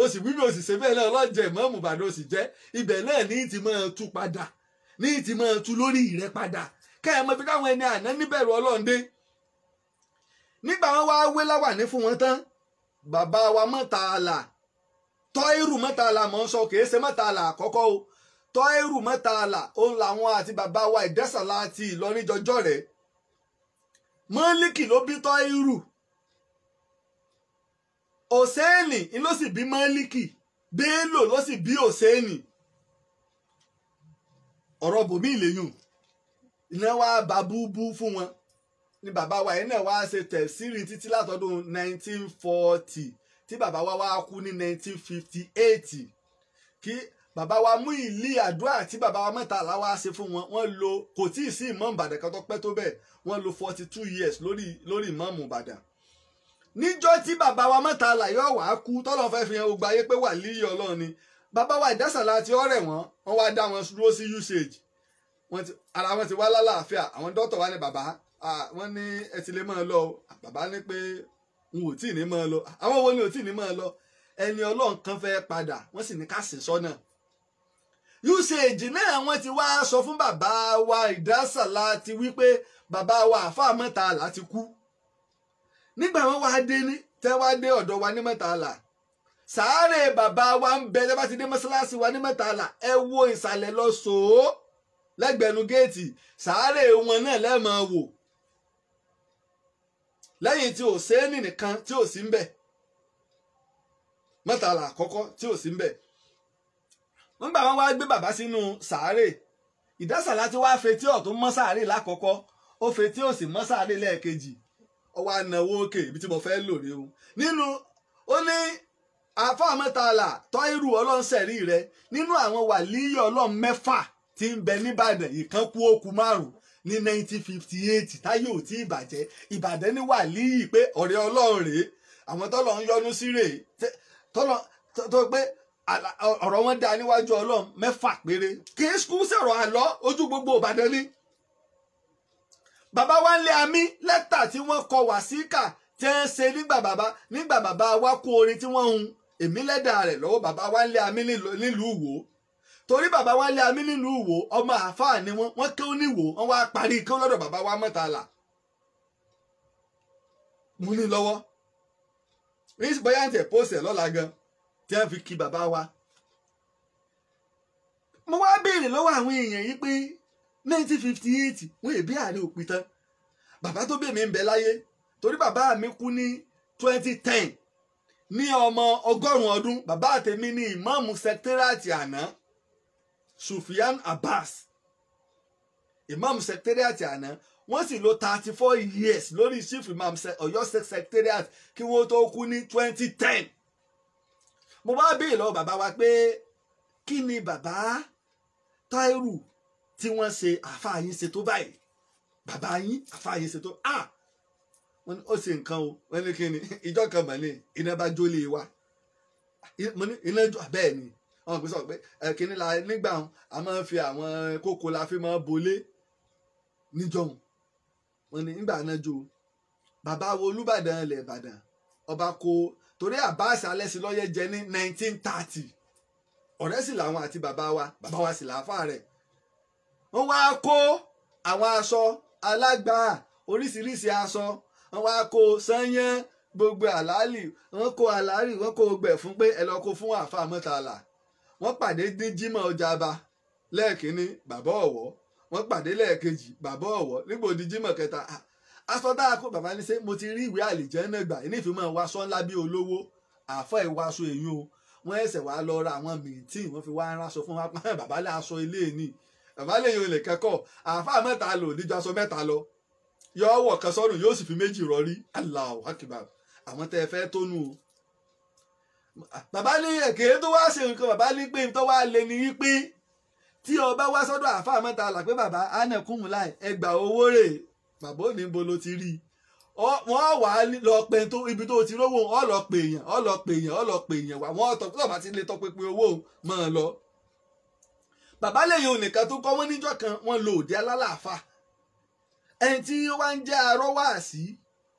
Speaker 2: o sì wí mi o sì ṣe bẹ́ẹ̀ náà ọlọ́jẹ̀ ìmọ̀ọ́mù bàdó o sì jẹ́ ibẹ̀ náà ní ti máa tú padà ní ti máa tú lórí rẹ padà kẹ́ ẹ mọ fi káwọn ẹni àná níbẹ̀rù ọlọ́run dé nígbà wọn wá wé láwà ní fún wọn tán bàbá wa mọ̀ta àlà tọ́ irú mọ̀ta àlà mọ̀ ń sọ kìí ṣe mọ̀ta àlà àkọ́kọ́ o tọ́ẹ̀rù mọ́ta àlà òun làwọn àti bàbá wa ìdẹ́sàlá àti ìlọrin jọjọ́ rẹ̀ mọ́líkì ló bí tọ́ẹ̀rù òsẹ́ẹ̀nì ló sì bí mọ́líkì bélò ló sì bí òsẹ́ẹ̀nì ọ̀rọ̀ bòmí ìlẹ́yìn iná wá bá búbú fún wọn ni bàbá wa yìí náà wá ṣe tẹ̀síìrì títí látọdún 1940 tí bàbá wa wá kú ní 1958 kí bàbá wa mú ìlí àdúrà tí bàbá wa mẹ́ta làwa ṣe fún wọn wọ́n lo kò tí ì sí ìmáàmù Ìbàdàn kan tó pẹ́ tó bẹ́ẹ̀ wọ́n lo forty two years lórí lórí ìmáàmù Ìbàdàn níjọ́ tí bàbá wa mẹ́ta làyọ̀ wá kú tọ́lọ́ fẹ́ fi hàn gbogbo ayé pé wà líyìí ọlọ́run ni bàbá wa ìdásàlá ti ọ̀rẹ́ wọn wọ́n wá dá wọn dúró sí usage wọn ti ara wọn ti wá lálàáfíà àwọn dọ́tọ̀ wa ní bàbá wọn ní ẹ ti lè máa lọ o bàbá ní pé n ò tí ì ní máa lọ ni ò tí ẹni ọlọ́run kan fẹ́ padà wọ́n sì ní ká sì sọ́nà usage náà wọ́n ti wá sọ fún bàbá wa ìdásà láti wípé bàbá wa àfáà Mọ́tàlá ti kú nígbà wọn wá dé ní tẹ́ wá dé ọ̀dọ̀ wa ní Mọ́tàlá sàárè bàbá wa ń bẹ lẹ́bàá ti dé mọ́ṣáláṣí wa ní Mọ́tàlá ẹ wo ìsàlẹ̀ lọ sòó lẹ́gbẹ̀ẹ́nu géètì sàárè wọn náà lẹ́ẹ̀mọ́ wò lẹ́yìn tí ò sẹ́ẹ̀nì nìkan tí ò sí ń bẹ̀ Mọ́tàlá àkọ́kọ́ tí ò sí ń bẹ̀ wọ́n gbà wọ́n wá gbé bàbá sínú sàárè ìdásàlá tí wàá fetí ọ̀tún mọ́ sàárè lákọ̀ọ́kọ́ ó fetí òsì mọ́ sàárè lẹ́ẹ̀kejì ọwọ́ ànáwó òkè ibi tí mo fẹ́ lò rí o nínú ó ní àfọ̀mọ́tàlà tọ́ irú ọlọ́run sẹ̀rí rẹ nínú àwọn wàlíyọ̀ ọlọ́run mẹ́fà tí ń bẹ nìbàdàn ìkan kú okú márùn ní 1958 táyé ò tí ì bàjẹ́ ìbàdàn ní wàlíyì pé ọ̀rẹ́ ọlọ́run rèé àwọn tọ́lọ̀ ń yọnu sí rèé tọ́lọ̀ tó pé ọ̀rọ̀ wọn dá níwájú ọlọ́run mẹ́fà péré kì í kú sẹ̀rọ̀ àlọ́ ojú gbogbo ìbàdàn ni. bàbá wa ń lé amí lẹ́tà tí wọ́n kọ wàsíkà tẹ́ ń ṣe nígbà bàbá nígbà bàbá wa kú orin tí wọ́n hun èmi lẹ́dà rẹ̀ lọ́wọ́ bàbá wa ń lé amí nílùú Ìwó torí bàbá wa ń lé amí nílùú Ìwó ọmọ àáfàá ni wọ́n wọ́n kéwọ́n níwò wọ́n wá parí kéwọ́n lọ́dọ̀ bàbá wa Mọ́tàlá mú ní lọ́wọ́ bóyá ń tẹ̀ pósẹ̀ lọ́la gan tí a fi kí bàbá wa mo wá béèrè lọ́wọ́ àwọn èèyàn yìí pé 1958 wọ́n èbí àárín òpin tán bàbá tó bèèmí ń bẹ láyé torí bàbá mi kú ní 2010 ní ọmọ ọgọ́rùn-ún ọdún bàbá àtẹ̀mí ní ìmáàmù sẹkítẹ́rìàtì àná Sufiyan Abbas ìmáàmù sẹkítẹ́rìàtì àná wọ́n sì lo 34 years lórí chief imam Ọ̀yọ́ sẹkítẹ́rìàtì kí wọ́n tó kú ní 2010 mo bá béèrè lọ́wọ́ bàbá wa pé kí ni bàbá Táírù tí wọ́n ṣe àfa yín ṣe tó báyìí bàbá yín àfa yín ṣe tó à wọ́n ní ó ṣe nǹkan o wọ́n ní kí ni ìjọ kan mọ̀ ní iná bá jó e wa mo ní iná jó bẹ́ẹ̀ ni wọ́n gbé sọ pé kínní la nígbà a máa ń fi àwọn kókó la fi máa bolé níjọ̀hún wọ́n ní nígbà náà jó bàbá wo Olúbàdàn ilẹ̀ Ìbàdàn ọba kó torí Abbas Alẹ́sìlọ́yẹ jẹ ní nineteen thirty ọ̀rẹ́ sì làwọn àti bàbá wa bàbá wa sì làáfà rẹ̀ wọ́n wá kó àwọn aṣọ alágbà oríṣiríṣi aṣọ wọ́n wá kó sanyẹn gbogbo àlàálì wọ́n kó àlàálì wọ́n kó gbẹ̀ fún pé ẹ lọ kó fún àfa mọ́tàlá wọ́n pàdé ní Jímọ̀ ọjà lẹ́ẹ̀kínní bàbá ọ̀wọ́ wọ́n pàdé lẹ́ẹ̀kejì bàbá ọ̀wọ́ nígbòdì Jímọ̀ kẹta asọ́dá àkó bàbá ní sẹ́ mo ti rí ìwé àlìjẹ́ náà gbà ní ìfimọ́ wa sọ́ ńlá bí olówó àfọ́ ìwaṣọ èyàn o wọ́n ẹsẹ̀ wá lọ ra àwọn mìtì wọ́n fi wá ń raṣọ fún wa pé bàbá lè aṣọ ilé ni bàbá lè yan olè kẹ́kọ̀ọ́ àáfà mẹ́ta lò níjọ aṣọ mẹ́ta lọ yọ ọwọ́ kan sọ́rùn yóò sì fi méjì rọrí Allahu Akbar àwọn tẹ́ ẹ fẹ́ tónú o bàbá ní èké tó wá ṣe nǹkan bàbá ní pé nítorí wá lé ní wípé tí ọba wá sọ́dọ̀ àáfà mẹ́ta là pé bàbá ánẹkùnmùláì ẹgbà owó rèé bàbá òní ń bo ló ti rí i wọ́n wà á lọ pé ibi tó ti rówó ọ lọ pè èèyàn ọ lọ pè èèyàn ọ lọ pè èèyàn wà wọ́n tọ́ tọ́ bá ti lè tọpinpin owó mọ́ ọ lọ. bàbá lẹ́yìn onìkan tó kọ́ wọ́n níjọ́ kan wọ́n lo òde alálàáfà ẹni tí wá ń jẹ́ arọ́wàásí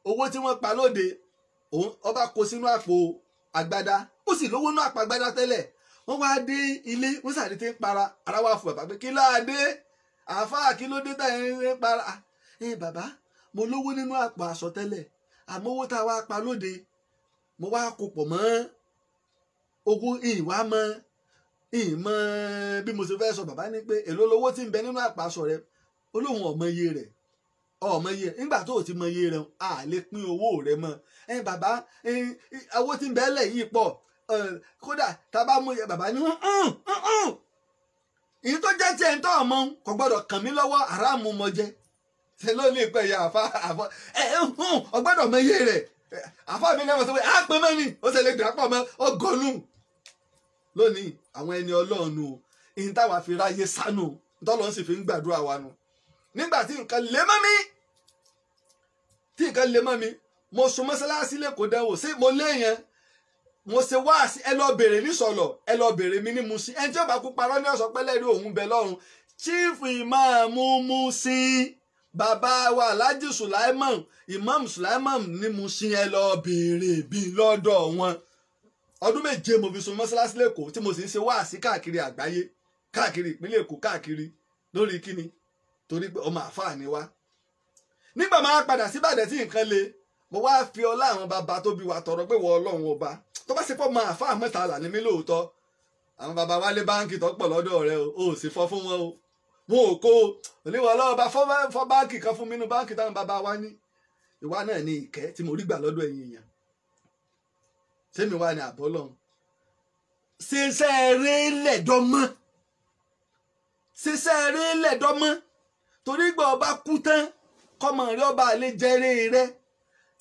Speaker 2: owó tí wọ́n pa lóde ọba kó sínú àpò àgbádá ó sì lówó náà àpò àgbádá tẹ́lẹ̀ wọ́n wá dé ilé wọ́n sàdé tí ń para ara wa fún bàbá pé kí ló dé àáfàá kí ló dé ẹ baba mo lówó nínú àpò aṣọ tẹ́lẹ̀ àmọ́ owó tá a wá pa lóde mo wá kó pọ̀ mọ́ owó ìwà mọ́ ìmọ̀ bí mo ṣe fẹ́ sọ bàbá ní pé èló lowó tí ń bẹ nínú àpò aṣọ rẹ olóhùn ọ̀mọye rẹ̀ ọ̀mọye nígbà tó o ti mọye rẹ a lè pín owó rẹ mọ́ ẹ bàbá owó tí ń bẹ lẹ̀ yìí pọ̀ kódà tá a bá mú yẹ bàbá ìyí tó jẹ́ tiẹ̀ ń tọ́ ọmọ kò gbọ́dọ̀ kàn mí lọ́wọ́ àràmù mọ jẹ́ ṣe ló lè pẹ́ ya àfa àfọ ẹ hùn ọgbọ́dọ̀ mọ iye rẹ̀ àfa mi náà sọ pé a pè mọ́ ni ó ṣe lè gbà pọ̀ ọgọ́nù lónìí àwọn ẹni ọlọ́run o ìyìn táwa fi ráyè sánú tọ́lọ́ sì fi ń gbàdúrà wa nu nígbà tí nǹkan lè mọ́ mi tí nǹkan lè mọ́ mi mo sùn mọ́sálásí lẹ́kọ̀ọ́ dánwò sí mo léèyàn mo ṣe wáàsí ẹ lọ bèrè nísọlọ ẹ lọ bèrè mi ní Mùṣín ẹni tí ó parọ́ ní ọ̀sán pẹ́lẹ́rì òun bẹ lọ́run chief imam Mùṣín bàbá wa alhaji sulaiman imam sulaiman ni mo ṣe yẹn lọ béèrè bí lọ́dọ̀ wọn ọdún méje mo fi sun mọ́ṣáláṣí lẹ́kọ̀ọ́ tí mo sì ń ṣe wáàsí káàkiri àgbáyé káàkiri ìpínlẹ̀ èkó káàkiri lórí kíni torí pé ọmọ àfáà ni wá nígbà máa padà síbàdàn tí nǹkan le mo wá fi ọlá àwọn bàbá tó bí wa tọrọ pé wọ ọlọ́run ọba tó bá ṣe pọ́ máa àfáà mẹ́ta là ní mí lóòótọ́ àwọn bàbá wa lé báńkì tó pọ̀ lọ́dọ̀ rẹ o ò sì fọ́ fún wọn o wọn ò kó oníwọ̀ ọlọ́run bá fọ́ báǹkì kan fún mi nínú báǹkì táwọn bàbá wa ní ìwà náà ní ìkẹ́ tí mo rí gbà lọ́dọ̀ ẹ̀yin èèyàn sẹ́mi wà ní àbọ́lọ́run ṣiṣẹ́ eré lẹ̀dọ́mọ́ ṣiṣẹ́ eré lẹ̀dọ́mọ́ torí gbọ́ ọba kú tán kọ́mọ rẹ ọba lè jẹrè rẹ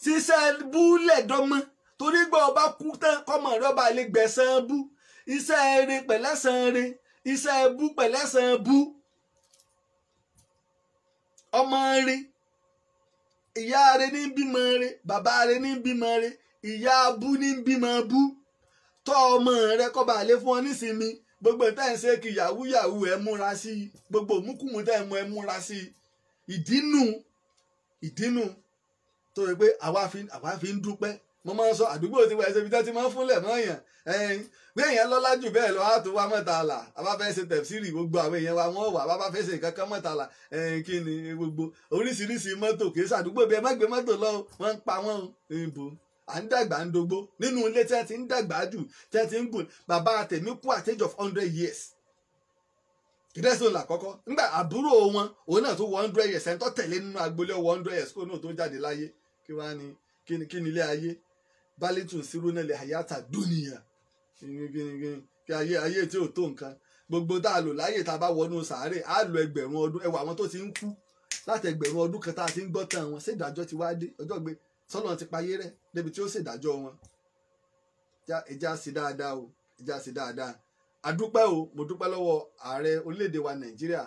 Speaker 2: ṣiṣẹ́ bú lẹ̀dọ́mọ́ torí gbọ́ ọba kú tán kọ́mọ rẹ ọba lè gbẹ̀san bú iṣẹ́ eré pẹ̀lẹ́sàn eré iṣẹ́ bú pẹ̀lẹ́sàn bú ọmọ rẹ ìyá rẹ ní bímọ rẹ bàbá rẹ ní bímọ rẹ ìyá abú ní bímọ bú tọ́ ọmọ rẹ kó bá lè fún ọ nísinmi gbogbo tá ẹ̀ ń ṣe kí yahoo yahoo ẹ múra sí i gbogbo òmùkùmù tá ẹ̀ mú ẹ múra sí i ìdínú ìdínú tó yẹ pé àwa fi ń dúpẹ́ mo máa ń sọ àdúgbò tí wọ́n ṣe ibi tẹ́tí máa ń fúnlẹ̀ mọ́ èèyàn ẹ̀yìn bí èèyàn lọ́lá jù bẹ́ẹ̀ lọ àtò wa mọ̀tàlá àbá fẹ́ ṣe tẹ̀síìrì gbogbo àwọn èèyàn wa wọ́n wà bá fẹ́ ṣe nǹkan kan mọ̀tàlá ẹ̀yìn kí ni gbogbo oríṣiríṣi mọ́tò kì í ṣàdúgbò bí ẹ má gbé mọ́tò lọ wọ́n ń pa wọ́n ìbò à ń dàgbà ń dogbó nínú ilé tẹ́ ti ń dàgbà jù tẹ́ ti ń gùn of hundred years kìdẹ́sùn làkọ́kọ́ nígbà àbúrò wọn òun náà tó wọ hundred years ẹni tó tẹ̀lé nínú agboolé wọ hundred years kó náà tó jáde láyé kí wàá ní kí ni ilé ayé balitun siruna lè hayata dúnìyà kí ayé ayé tí ò tó nǹkan gbogbo tá a lò láyè tá a bá wọnú sàárè á lo ẹgbẹ̀rún ọdún ẹwà àwọn tó ti ń kú láti ẹgbẹ̀rún ọdún kan tá a ti ń gbọ́ tán wọn ṣèdájọ́ ti wá dé ọjọ́ gbé sọ́nà ti payé rẹ̀ débi tí ó ṣèdájọ́ wọn ẹja sí dáadáa o ẹja sí dáadáa àdúpẹ́ o mo dúpẹ́ lọ́wọ́ ààrẹ orílẹ̀-èdè wa nàìjíríà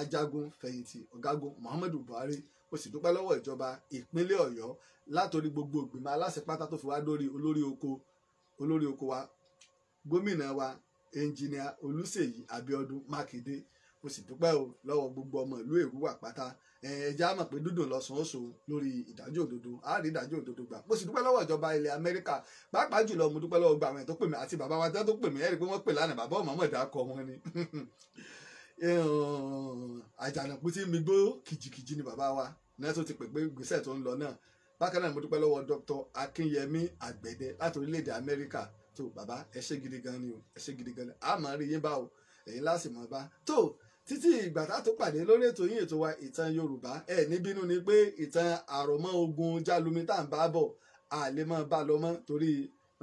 Speaker 2: ajagun fẹ̀yìntì ọ̀gágun muhammadu buhari mo sì dúpẹ́ lọ́wọ́ ìjọba ìpínlẹ̀ ọ̀yọ́ látòrí gbogbo ìgbìmọ̀ aláṣẹ pátá tó fi wá dórí olórí oko olórí oko wa gómìnà wa ẹnjìnìà olùṣèyí abiodun makinde mo sì dúpẹ́ o lọ́wọ́ gbogbo ọmọ ìlú èrúwà pátá ẹ̀ẹ́dì àmọ̀ pé dúdùn lọ́sàn-án oṣù lórí ìdájọ́ òdodo àárín ìdájọ́ òdodo gbà mo sì dúpẹ́ lọ́wọ́ ìjọba ilẹ̀ amẹ́ríkà pàápàá jùlọ mo dúpẹ́ lọ́wọ́ gba àwọn ẹ̀ tó pè mí àti bàbá wa tó pè mí ẹ̀rí pé wọ́n pè lánàá bàbá ọ̀mọ̀ ọ̀mọ̀ ìdákọ̀ wọn ni àjànàkú tí mi gbó kìjìkìjì ni bàbá wa nẹ́tò ti pè pé ìgbésẹ̀ tó ń lọ náà bákan náà mo dúpẹ́ lọ́wọ́ Dr. Akínyẹmí Àgbẹ̀dẹ láti orílẹ̀-èdè Amẹ́ríkà tó bàbá ẹ ṣé gidi gan ni o ẹ ṣé gidi gan ni a máa rí yín bá o èyí láti mọ̀ bá tó títí ìgbà tá tó pàdé lórí ètò yín ètò wa ìtàn Yorùbá ẹ níbínú ni pé ìtàn àròmọ ogun jálumi tá à bá bọ̀ a lè bá lọ mọ́ torí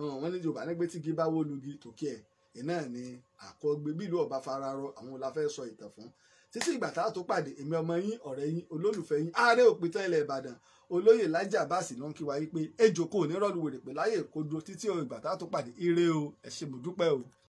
Speaker 2: wọn ní Yorùbá nígbè tí gí bá wó tòkí ẹ̀ iná ní àkọ́gbé bílùú ọ̀bá fararọ àwọn la fẹ́ sọ ìtàn fún títí ìgbà tá a tó pàdé èmi ọmọ yín ọ̀rẹ́ yín olólùfẹ́ yín ààrẹ òpìtàn ilẹ̀ ìbàdàn olóyè Laji Abbas ló ń kí wa yí pé ejò kò ní rọ́ọ̀lù wèrè pé láyè kó dúró títí ìgbà tá a tó pàdé ire o ẹ ṣé mo o.